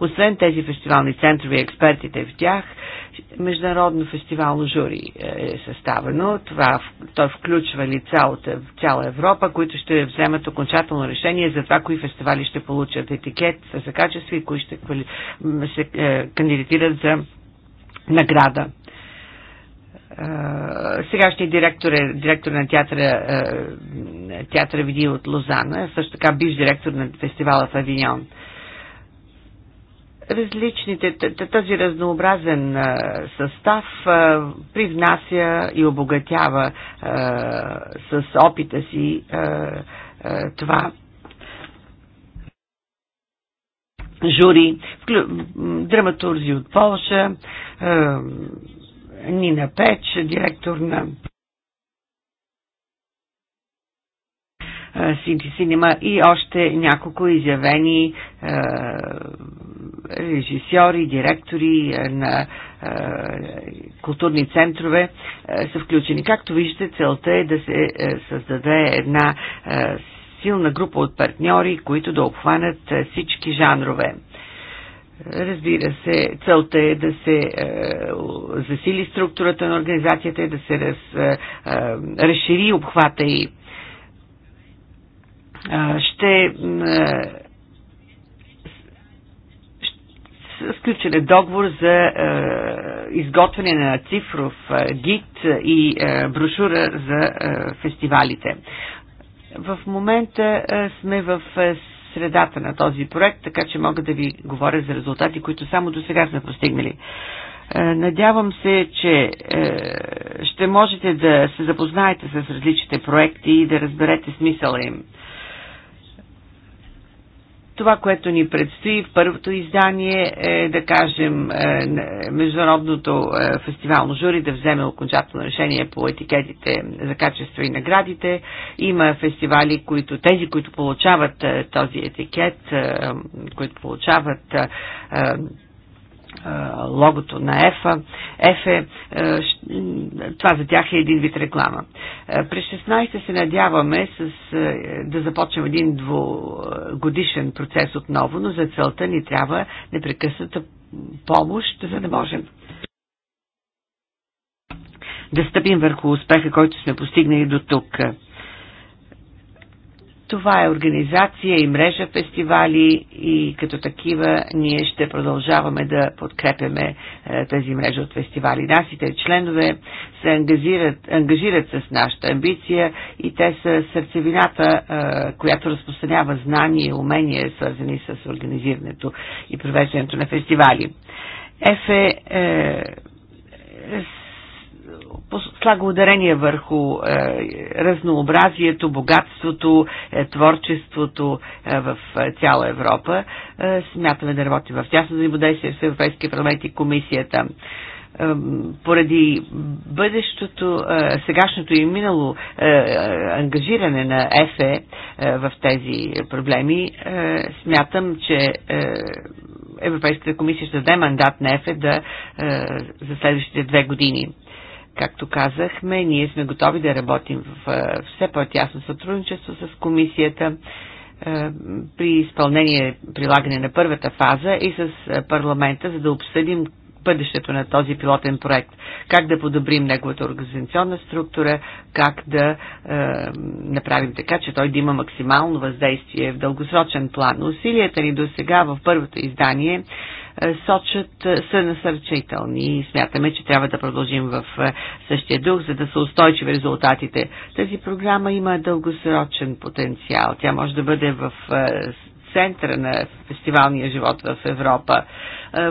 Освен тези фестивални центрове и експертите в тях, международно фестивално жури е, е съставено. Това, то включва лица от цяла Европа, които ще вземат окончателно решение за това, кои фестивали ще получат етикет за качество и кои ще квали... се е, кандидатират за награда сегашният директор е директор на театъра, е, театъра Види от Лозана, също така биш директор на фестивала в Авиньон. Различните, този разнообразен е, състав е, привнася и обогатява с опита си това жури, драматурзи от Полша, Нина Печ, директор на е, Синти Синема, и още няколко изявени е, режисьори, директори е, на културни центрове са включени. Както виждате, целта е да се създаде една силна група от партньори, които да обхванат всички жанрове. Разбира се, целта е да се е, засили структурата на организацията и е да се раз, е, е разшири обхвата и е, ще е, сключен е договор за е, изготвяне на цифров е, гид и е, брошура за е, фестивалите. В момента е, сме в е, средата на този проект, така че мога да ви говоря за резултати, които само до сега сме постигнали. Е, надявам се, че е, ще можете да се запознаете с различните проекти и да разберете смисъла им. Това, което ни предстои в първото издание е, да кажем, е, Международното е, фестивално жури да вземе окончателно решение по етикетите за качество и наградите. Има фестивали, които тези, които получават е, този етикет, които получават логото на ЕФА, ЕФЕ, това за тях е един вид реклама. През 16 се надяваме с, да започнем един двугодишен процес отново, но за целта ни трябва непрекъсната помощ, за да можем да стъпим върху успеха, който сме постигнали до тук. Това е организация и мрежа фестивали и като такива ние ще продължаваме да подкрепяме тези тази мрежа от фестивали. Нашите членове се ангажират, ангажират с нашата амбиция и те са сърцевината, е, която разпространява знания и умения, свързани с организирането и провеждането на фестивали. ЕФЕ е, е слага ударение върху е, разнообразието, богатството, е, творчеството е, в е, цяла Европа. Е, смятаме да работим в тясно взаимодействие с Европейския парламент и комисията. поради бъдещото, е, сегашното и минало е, ангажиране на ЕФЕ в тези проблеми, смятам, че Европейската комисия ще даде мандат на ЕФЕ да, за следващите две години Както казахме, ние сме готови да работим в все по-тясно сътрудничество с комисията при изпълнение, прилагане на първата фаза и с парламента, за да обсъдим бъдещето на този пилотен проект, как да подобрим неговата организационна структура, как да е, направим така, че той да има максимално въздействие в дългосрочен план. Усилията ни до сега в първото издание сочат, са насърчителни и смятаме, че трябва да продължим в същия дух, за да са устойчиви резултатите. Тази програма има дългосрочен потенциал. Тя може да бъде в центъра на фестивалния живот в Европа.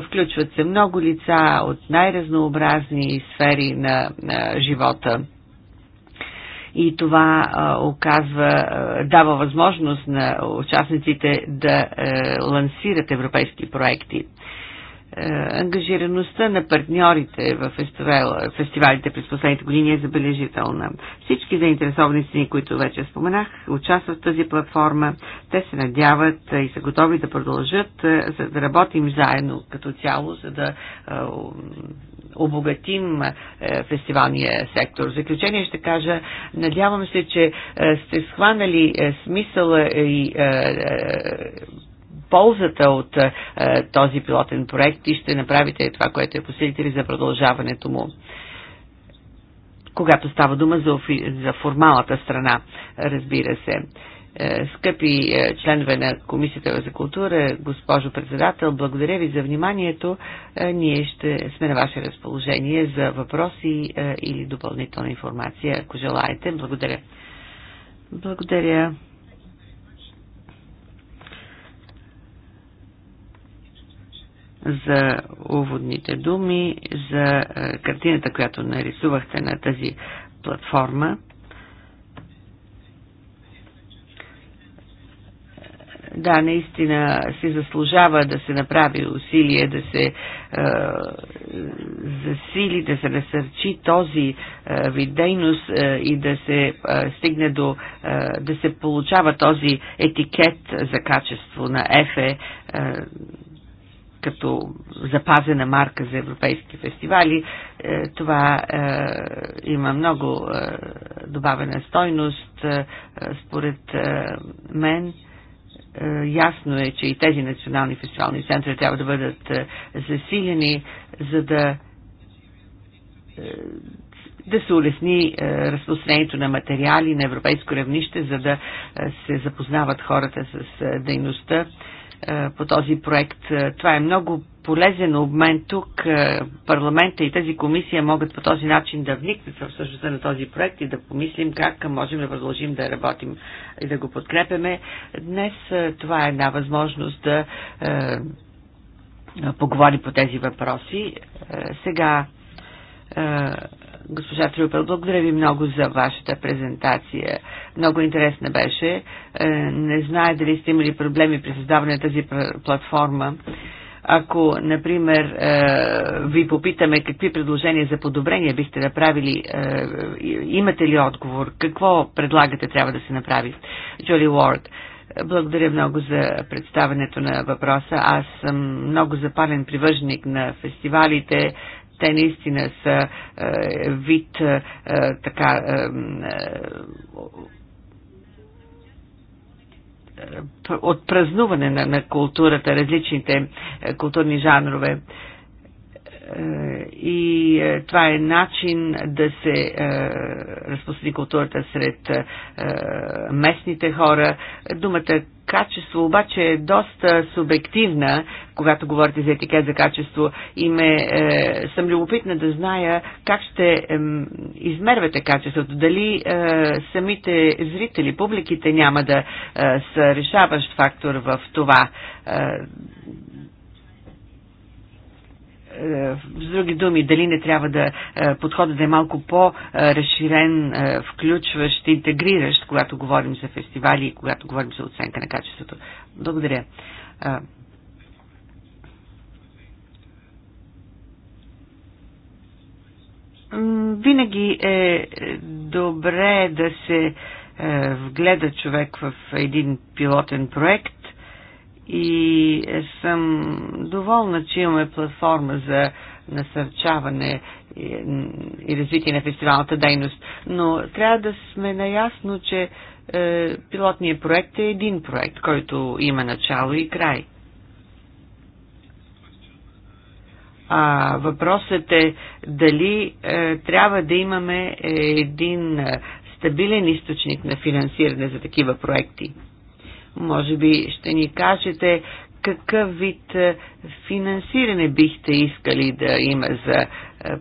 Включват се много лица от най-разнообразни сфери на, живота и това а, оказва, а, дава възможност на участниците да а, лансират европейски проекти. Е, ангажираността на партньорите в фестивалите през последните години е забележителна. Всички заинтересовани страни, които вече споменах, участват в тази платформа. Те се надяват и са готови да продължат, е, за да работим заедно като цяло, за да е, обогатим фестивалния сектор. В заключение ще кажа, надявам се, че сте схванали смисъла и ползата от е, е, този пилотен проект и ще направите това, което е посилите за продължаването му когато става дума за, за формалната страна, разбира се. Е, скъпи е, членове на Комисията за култура, госпожо председател, благодаря ви за вниманието. Ние ще сме на ваше разположение за въпроси или допълнителна информация, ако желаете. Благодаря. Благодаря. за уводните думи, за е, картината, която нарисувахте на тази платформа. Да, наистина се заслужава да се направи усилие, да се е, засили, да се насърчи този е, вид дейност е, и да се е, стигне до, е, да се получава този етикет за качество на ЕФЕ. Е, като запазена марка за европейски фестивали. Е, това е, има много е, добавена стойност. Според мен ясно е, че и тези национални фестивални центри трябва да бъдат засилени, за да да се улесни разпространението на материали на европейско равнище, за да се запознават хората с дейността е, по този проект. Е, това е много полезен обмен тук. Е, парламента и тази комисия могат по този начин да вникнат в същността на този проект и да помислим как можем да продължим да работим и да го подкрепяме. Днес това е една възможност да поговори по тези въпроси. Сега госпожа Трюпел, благодаря ви много за вашата презентация. Много интересна беше. Е, не знае дали сте имали проблеми при създаване на тази платформа. Ако, например, е, ви попитаме какви предложения за подобрение бихте направили, е, имате ли отговор? Какво предлагате трябва да се направи? Джоли Уорд. Благодаря много за представенето на въпроса. Аз съм много запален привърженик на фестивалите, те наистина са е, вид е, е така. Е, е, от празнуване на, на културата, различните е, културни жанрове. Е, е, и е, това е начин да се е, разпространи културата сред местните хора. Думата качество обаче е доста субективна, когато говорите за етикет за качество и ме, съм любопитна да зная как ще измервате качеството. Дали самите зрители, публиките няма да са решаващ фактор в това. Е, с други думи, дали не трябва да е, подходът да е малко по-разширен, е, включващ, интегриращ, когато говорим за фестивали и когато говорим за оценка на качеството. Благодаря. Винаги е добре да се вгледа човек в един пилотен проект и е, съм доволна, че имаме платформа за насърчаване и развитие на фестивалната дейност. Но трябва да сме наясно, че е, пилотният проект е един проект, който има начало и край. А въпросът е дали е, трябва да имаме един е, стабилен източник на финансиране за такива проекти. Може би ще ни кажете какъв вид е, финансиране бихте искали да има за е,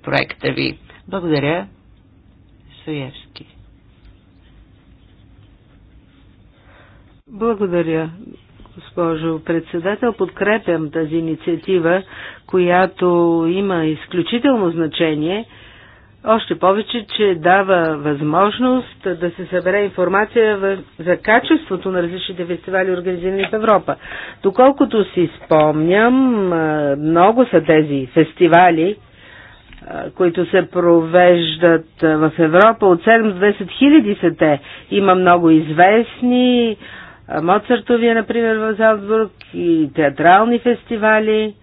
проекта ви. Благодаря. Соевски. Благодаря, госпожо председател. Подкрепям тази инициатива, която има изключително значение – още повече, че дава възможност да се събере информация за качеството на различните фестивали, организирани в Европа. Доколкото си спомням, много са тези фестивали, които се провеждат в Европа. От 7 до 10 хиляди са те. Има много известни, Моцартовия, например, в Залцбург и театрални фестивали,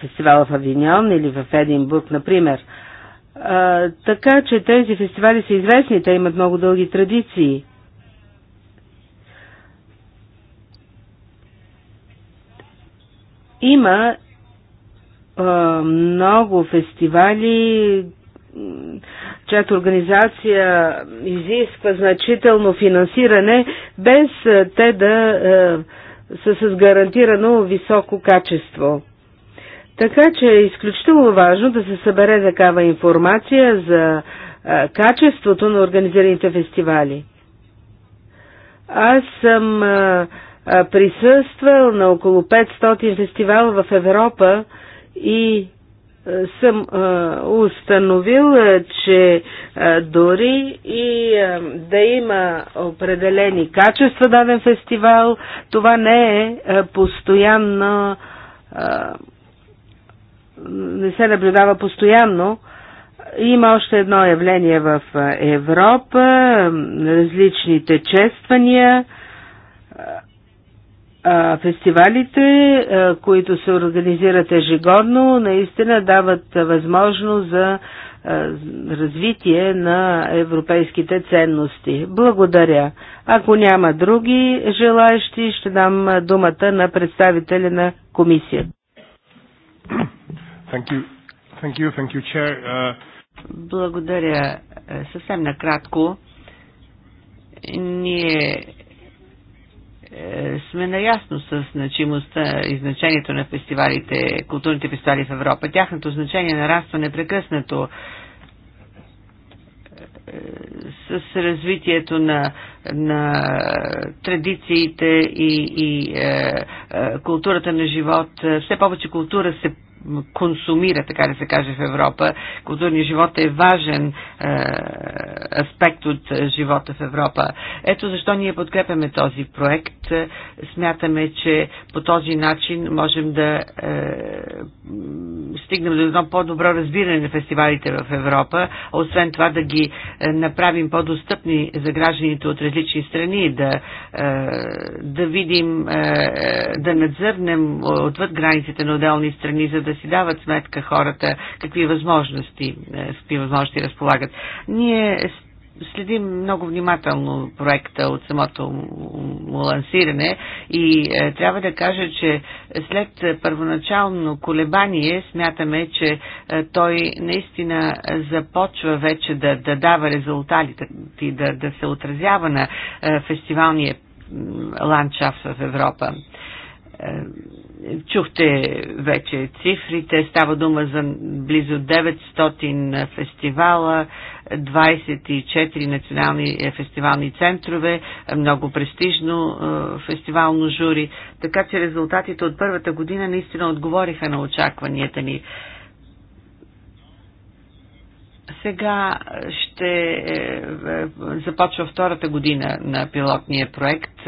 фестивал в Авиньон или в Единбург, например – а, така че тези фестивали са известни, те имат много дълги традиции. Има а, много фестивали, чиято организация изисква значително финансиране, без те да са с гарантирано високо качество. Така че е изключително важно да се събере такава информация за а, качеството на организираните фестивали. Аз съм а, а, присъствал на около 500 фестивала в Европа и съм а, установил, че а, дори и а, да има определени качества даден фестивал, това не е а, постоянна а, не се наблюдава постоянно. Има още едно явление в Европа, различните чествания, фестивалите, които се организират ежегодно, наистина дават възможност за развитие на европейските ценности. Благодаря. Ако няма други желаящи, ще дам думата на представителя на комисията. Thank you. Thank you, thank you, chair. Uh, Благодаря. Е, съвсем накратко. Ние е, сме наясно с значимостта и значението на фестивалите, културните фестивали в Европа. Тяхното значение нараства непрекъснато е, с развитието на, на традициите и, и е, е, културата на живот. Все повече култура се консумира, така да се каже, в Европа. Културният живот е важен е, аспект от живота в Европа. Ето защо ние подкрепяме този проект. Смятаме, че по този начин можем да е, стигнем до едно по-добро разбиране на фестивалите в Европа, а освен това да ги е, направим по-достъпни за гражданите от различни страни, да, е, да видим, е, да надзърнем отвъд границите на отделни страни, за да си дават сметка хората какви възможности, с е, какви възможности разполагат. Ние следим много внимателно проекта от самото му лансиране и е, трябва да кажа, че след първоначално колебание смятаме, че е, той наистина започва вече да, да дава резултати, да, да се отразява на е, фестивалния ландшафт в Европа. Е, Чухте вече цифрите, става дума за близо 900 фестивала, 24 национални е, фестивални центрове, много престижно е, фестивално жури, така че резултатите от първата година наистина отговориха на очакванията ни. Сега ще е, започва втората година на пилотния проект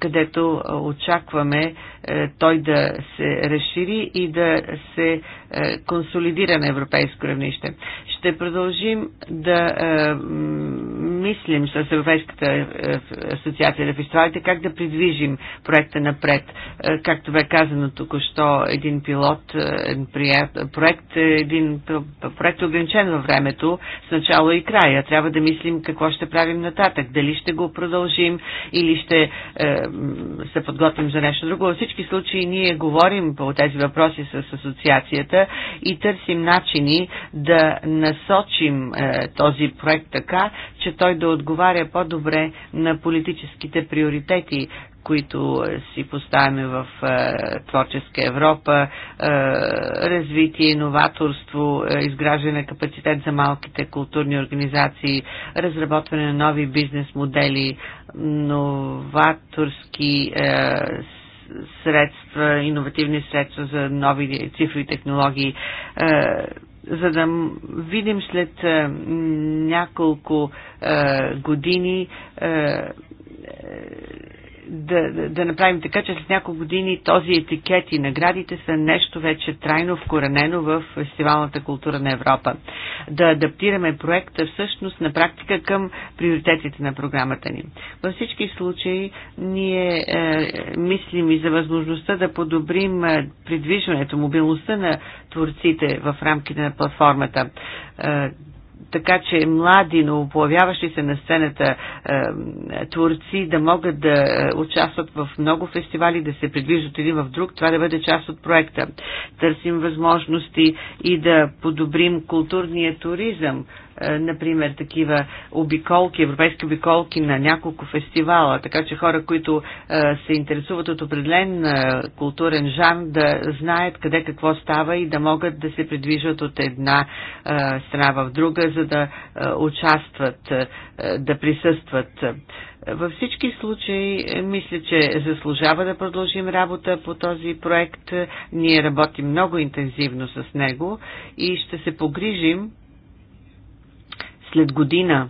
където очакваме е, той да се разшири и да се е, консолидиране европейско равнище. Ще продължим да е, мислим с Европейската е, асоциация на фестивалите как да придвижим проекта напред. Както бе казано току-що, един пилот, един проект, един проект е ограничен във времето, с начало и края. Трябва да мислим какво ще правим нататък. Дали ще го продължим или ще се подготвим за нещо друго. Във всички случаи ние говорим по тези въпроси с асоциацията и търсим начини да насочим е, този проект така, че той да отговаря по-добре на политическите приоритети, които е, си поставяме в е, творческа Европа, е, развитие, новаторство, е, изграждане на капацитет за малките културни организации, разработване на нови бизнес модели, новаторски е, средства, иновативни средства за нови цифрови технологии, е, за да видим след е, няколко е, години да, да, направим така, че след няколко години този етикет и наградите са нещо вече трайно вкоренено в фестивалната култура на Европа. Да адаптираме проекта всъщност на практика към приоритетите на програмата ни. Във всички случаи ние е, мислим и за възможността да подобрим е, придвижването, мобилността на творците в рамките на платформата. Е, така че млади, но появяващи се на сцената е, турци да могат да е, участват в много фестивали, да се придвижат един в друг, това да бъде част от проекта. Търсим възможности и да подобрим културния туризъм, е, например, такива обиколки, европейски обиколки на няколко фестивала, така че хора, които е, се интересуват от определен е, културен жан, да знаят къде какво става и да могат да се придвижат от една страна в друга, за да участват, да присъстват. Във всички случаи, мисля, че заслужава да продължим работа по този проект. Ние работим много интензивно с него и ще се погрижим след година,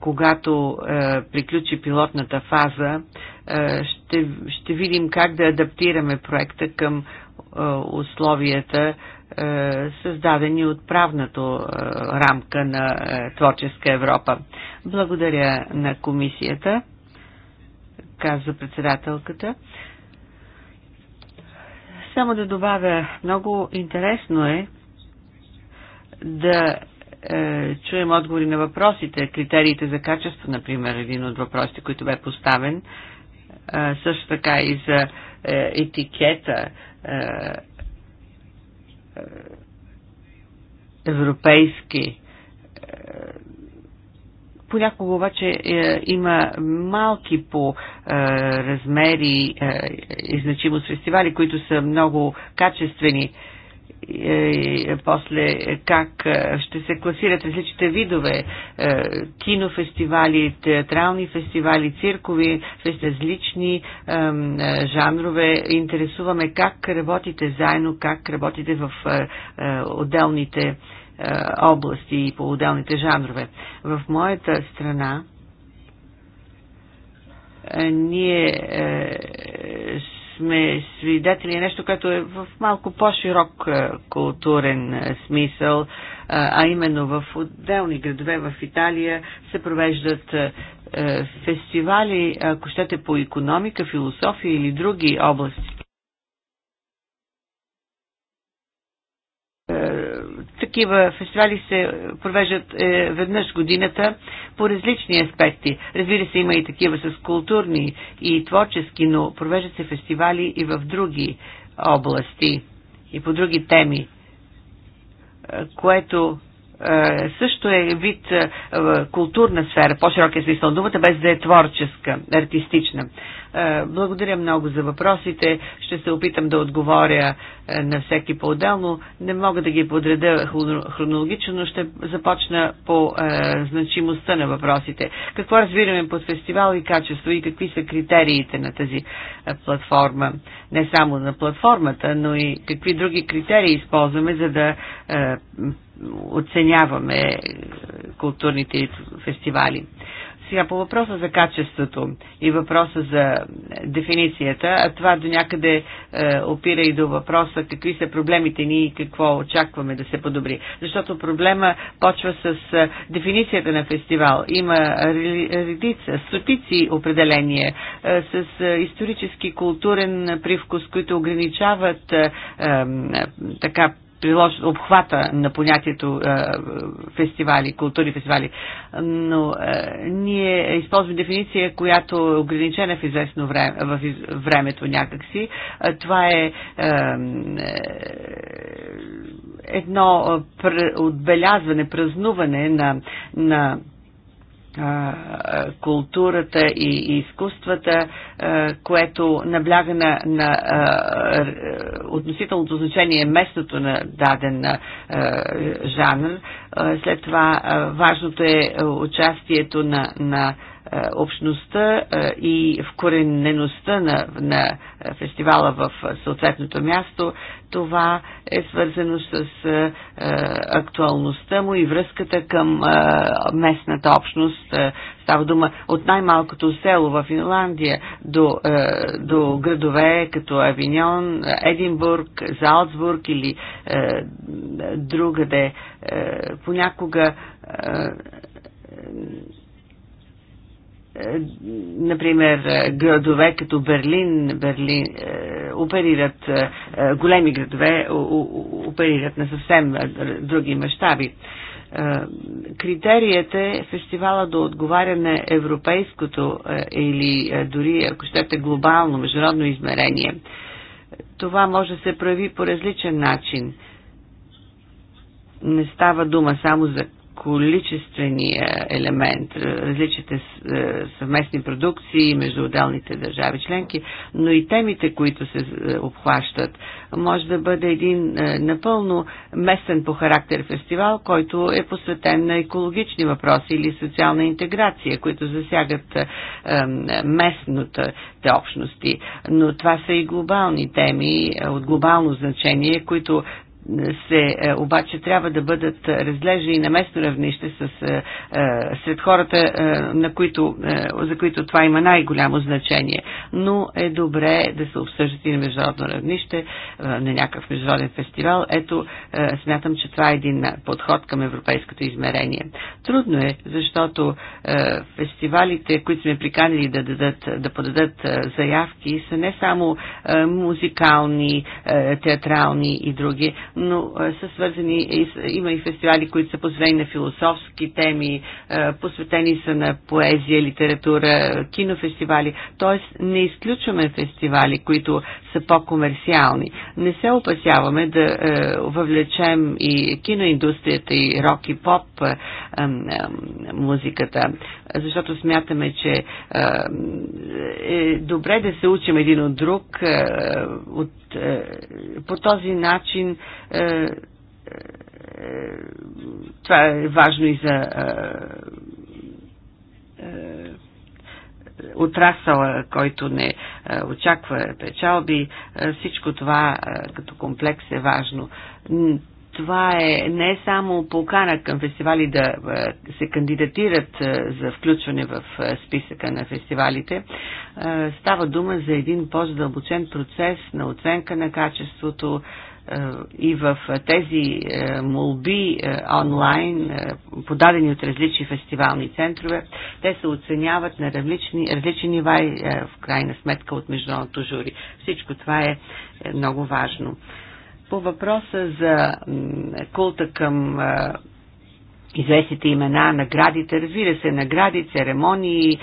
когато е, приключи пилотната фаза, е, ще, ще видим как да адаптираме проекта към е, условията, е, създадени от правната е, рамка на е, творческа Европа. Благодаря на комисията, каза председателката. Само да добавя, много интересно е да е, чуем отговори на въпросите, критериите за качество, например, един от въпросите, които бе поставен, е, също така и за е, етикета, е, е европейски. Е, понякога обаче е, има малки по е, размери е, и значимост фестивали, които са много качествени. Е, е, после как е, ще се класират различните видове е, кинофестивали, театрални фестивали, циркови, различни жанрове. Интересуваме как работите заедно, как работите в отделните области и по отделните жанрове. В моята страна ние сме свидетели нещо, което е в малко по-широк е, културен е, смисъл, е, а именно в отделни градове в Италия се провеждат фестивали, ако щете по економика, философия или други области Такива фестивали се провеждат е, веднъж годината по различни аспекти. Разбира се, има и такива с културни и творчески, но провеждат се фестивали и в други области и по други теми, е, което е, също е вид е, културна сфера, по-широкия смисъл думата, без да е творческа, артистична. Е, благодаря много за въпросите. Ще се опитам да отговоря на всеки по-отделно. Не мога да ги подреда хронологично, но ще започна по значимостта на въпросите. Какво разбираме под фестивал и качество и какви са критериите на тази платформа? Не само на платформата, но и какви други критерии използваме, за да оценяваме културните фестивали. Сега по въпроса за качеството и въпроса за дефиницията, а това до някъде е, опира и до въпроса какви са проблемите ни и какво очакваме да се подобри. Защото проблема почва с е, дефиницията на фестивал. Има редица, стотици определения е, с е, исторически културен привкус, които ограничават е, е, е така прилож... обхвата на понятието е, фестивали, култури фестивали. Но е, ние използваме дефиниция, която е ограничена в известно време, в из... времето някакси. Е, това е, е, е едно пр... отбелязване, празнуване на, на културата и изкуствата, което набляга на, на относителното значение местото на даден жанр, след това важното е, е участието на, на е, общността е, и вкоренеността на, на фестивала в съответното място. Това е свързано с актуалността му и връзката към местната общност. Става дума от най-малкото село в Финландия до, до градове като Авиньон, Единбург, Залцбург или другаде. Е, понякога е, е, например, градове като Берлин, Берлин оперират, големи градове оперират на съвсем други мащаби. Критерият е фестивала да отговаря на европейското или дори, ако щете, глобално, международно измерение. Това може да се прояви по различен начин – не става дума само за количествения елемент, е, различните е, съвместни продукции между отделните държави членки, но и темите, които се е, обхващат. Може да бъде един напълно местен по характер фестивал, който е посветен на екологични въпроси или социална интеграция, които засягат местните общности. Но това са и глобални теми от глобално значение, които се, е, обаче трябва да бъдат разглеждани на местно равнище с, е, е, сред хората, на които, за които това има най-голямо значение. Но е добре да се обсъждат и на международно равнище, на някакъв международен фестивал. Ето, смятам, че това е един подход към европейското измерение. Трудно е, защото фестивалите, които сме приканили да, дадат, да подадат заявки, са не само музикални, театрални и други, но е, са свързани, има и фестивали, които са посвени на философски теми, е, посветени са на поезия, литература, кинофестивали. Тоест не изключваме фестивали, които са по-комерциални. Не се опасяваме да е, въвлечем и киноиндустрията, и рок и поп музиката, защото смятаме, че е добре да се учим един от друг, от е, по този начин е, е, това е важно и за отрасъла, който не очаква печалби, всичко това като комплекс е важно това е не само покана към фестивали да е, се кандидатират е, за включване в е, списъка на фестивалите, става дума за един по-задълбочен процес на оценка на качеството и в тези молби онлайн, подадени от различни фестивални центрове, те се оценяват на различни, различни нива в крайна сметка от международното жури. Всичко това е много важно. По въпроса за култа към известните имена, наградите, разбира се, награди, церемонии,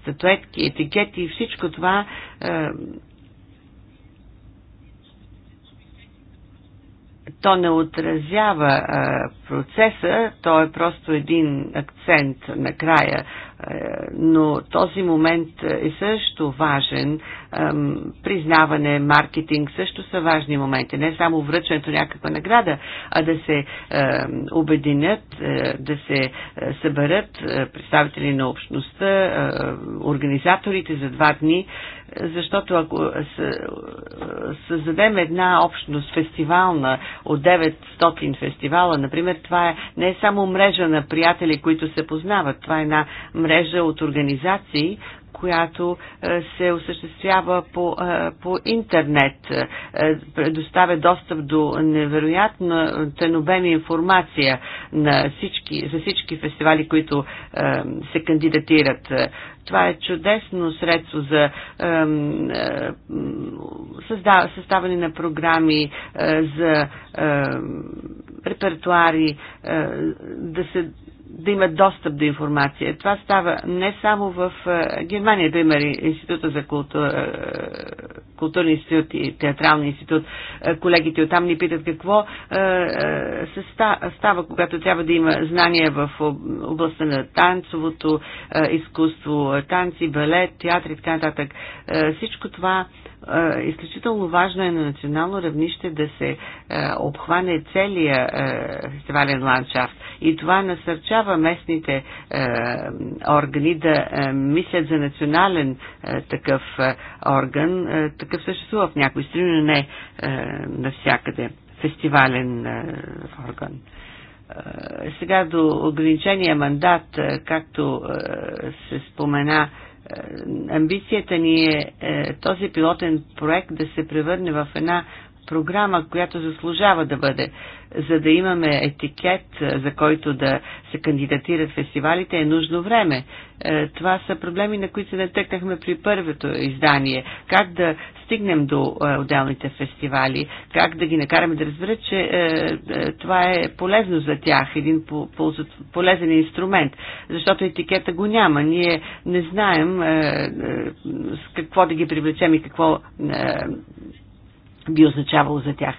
статуетки, етикети, всичко това то не отразява а, процеса, то е просто един акцент накрая, а, но този момент е също важен признаване, маркетинг също са важни моменти. Не само връчването някаква награда, а да се обединят, е, да се е, съберат е, представители на общността, организаторите за два дни, защото ако създадем една общност фестивална от 900 фестивала, например, това е, не е само мрежа на приятели, които се познават, това е една мрежа от организации, която е, се осъществява по, е, по интернет, е, предоставя достъп до невероятно обем информация на всички, за всички фестивали, които се кандидатират. Това е чудесно средство за създаване на програми, за репертуари, да се да имат достъп до информация. Това става не само в е, Германия, например, Института за култура, е, културни институт и театрален институт. Колегите оттам ни питат какво е, се става, когато трябва да има знания в областта на танцовото изкуство, танци, балет, театри и така нататък. Всичко това е, изключително важно е на национално равнище да се е, обхване целия е, фестивален ландшафт. И това насърчава местните органи да мислят за национален такъв орган. Такъв съществува в някои страни, но не навсякъде. Фестивален орган сега до ограничения мандат, както се спомена, е, амбицията ни е, е, този пилотен проект да се превърне в една програма, която заслужава да бъде, за да имаме етикет, е, за който да се кандидатират фестивалите, е нужно време. Това са проблеми, на които се натъкнахме при първото издание. Как да стигнем до е, отделните фестивали, как да ги накараме да разберат, че е, е, това е полезно за тях, един полезен инструмент, защото етикета го няма. Ние не знаем с какво да ги привлечем и какво би означавало за тях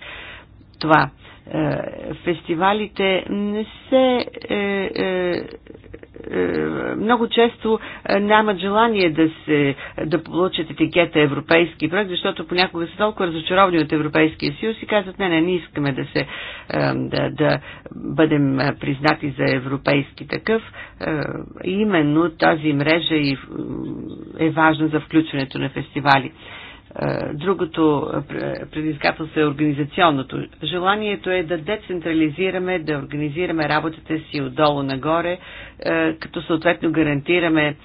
това. Е, фестивалите не се е, е, много често нямат желание да, се, да получат етикета европейски проект, защото понякога са толкова разочаровани от Европейския съюз и казват, не, не, не искаме да, се, да, да бъдем признати за европейски такъв. Именно тази мрежа е важна за включването на фестивали. Е, другото е, предизвикателство е организационното. Желанието е да децентрализираме, да организираме работата си отдолу нагоре, е, като съответно гарантираме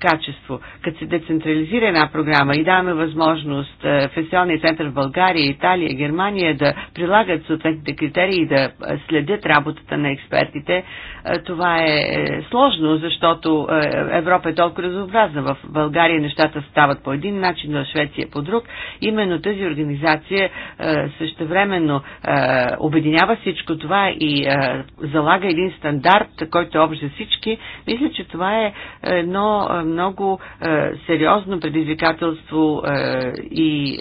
качество. Като се децентрализира една програма и даваме възможност Фесионния център в България, Италия, Германия да прилагат съответните критерии и да следят работата на експертите, е, това е, е сложно, защото е, Европа е толкова разнообразна. В България нещата стават по един начин, в Швеция по друг. Именно тази организация същевременно обединява всичко това и залага един стандарт, който е общ за всички. Мисля, че това е едно много сериозно предизвикателство и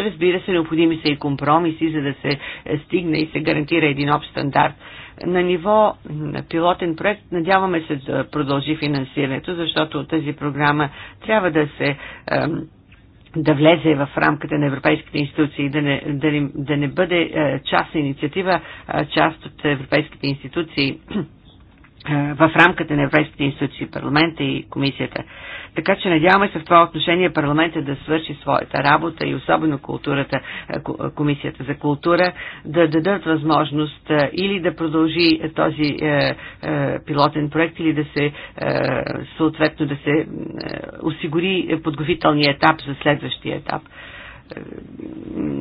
разбира се, необходими са и компромиси, за да се стигне и се гарантира един общ стандарт. На ниво на пилотен проект надяваме се да продължи финансирането, защото тази програма трябва да се да влезе в рамката на европейските институции, да не, да не, да не бъде е, на инициатива, част от европейските институции в рамката на европейските институции, парламента и комисията. Така че надяваме се в това отношение парламента да свърши своята работа и особено културата, комисията за култура, да дадат възможност или да продължи този пилотен проект, или да се съответно да се осигури подготвителния етап за следващия етап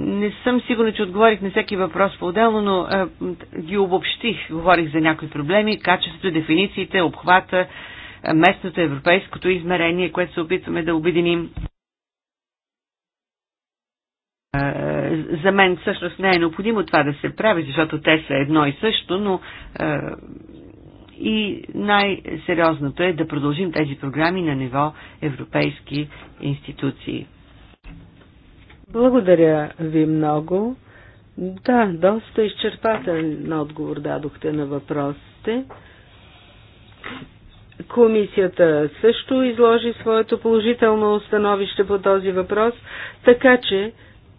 не съм сигурна, че отговорих на всеки въпрос по-отделно, но е, ги обобщих. Говорих за някои проблеми, качеството, дефинициите, обхвата, е, местното европейското измерение, което се опитваме да обединим. Е, за мен всъщност не е необходимо това да се прави, защото те са едно и също, но е, и най-сериозното е да продължим тези програми на ниво европейски институции. Благодаря ви много. Да, доста изчерпателен отговор дадохте на въпросите. Комисията също изложи своето положително становище по този въпрос, така че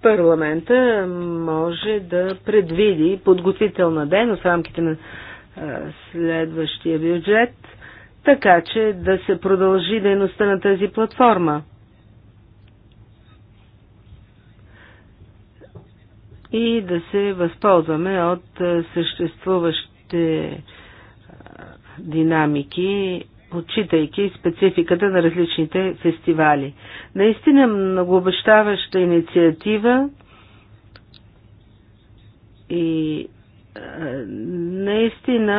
парламента може да предвиди подготвителна дейност в рамките на следващия бюджет, така че да се продължи дейността на тази платформа. и да се възползваме от съществуващите динамики, отчитайки спецификата на различните фестивали. Наистина многообещаваща инициатива и наистина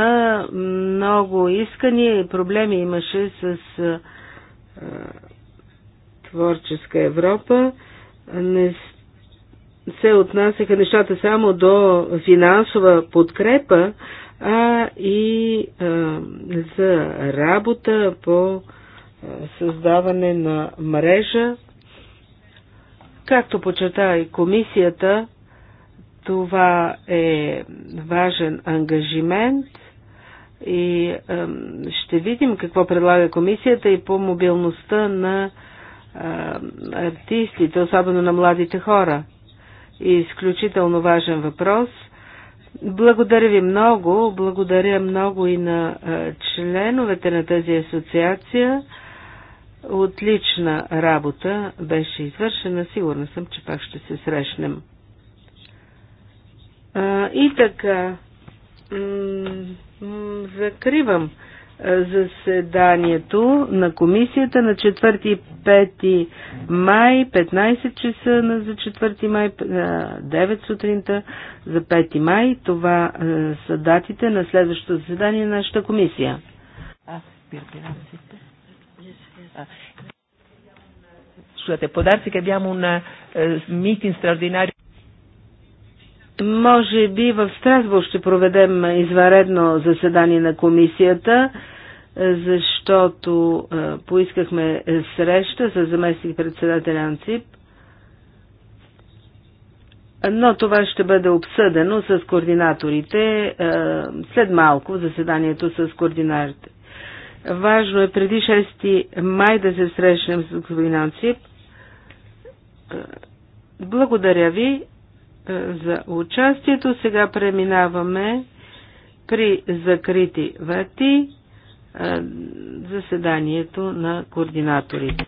много искания и проблеми имаше с творческа Европа. Не се отнасяха нещата само до финансова подкрепа, а и а, за работа по създаване на мрежа. Както почета и комисията, това е важен ангажимент и а, ще видим какво предлага комисията и по мобилността на а, артистите, особено на младите хора изключително важен въпрос. Благодаря ви много, благодаря много и на членовете на тази асоциация. Отлична работа беше извършена, сигурна съм, че пак ще се срещнем. И така, закривам заседанието на комисията на 4 и 5 май, 15 часа на за 4 май, 9 сутринта за 5 май. Това са датите на следващото заседание на нашата комисия. Scusate, può darsi che abbiamo un може би в Страсбург ще проведем изваредно заседание на комисията, защото е, поискахме среща с заместник председателя Анцип. Но това ще бъде обсъдено с координаторите е, след малко в заседанието с координаторите. Важно е преди 6 май да се срещнем с господин Анцип. Е, благодаря ви. Е, за участието. Сега преминаваме при закрити врати е, заседанието на координаторите.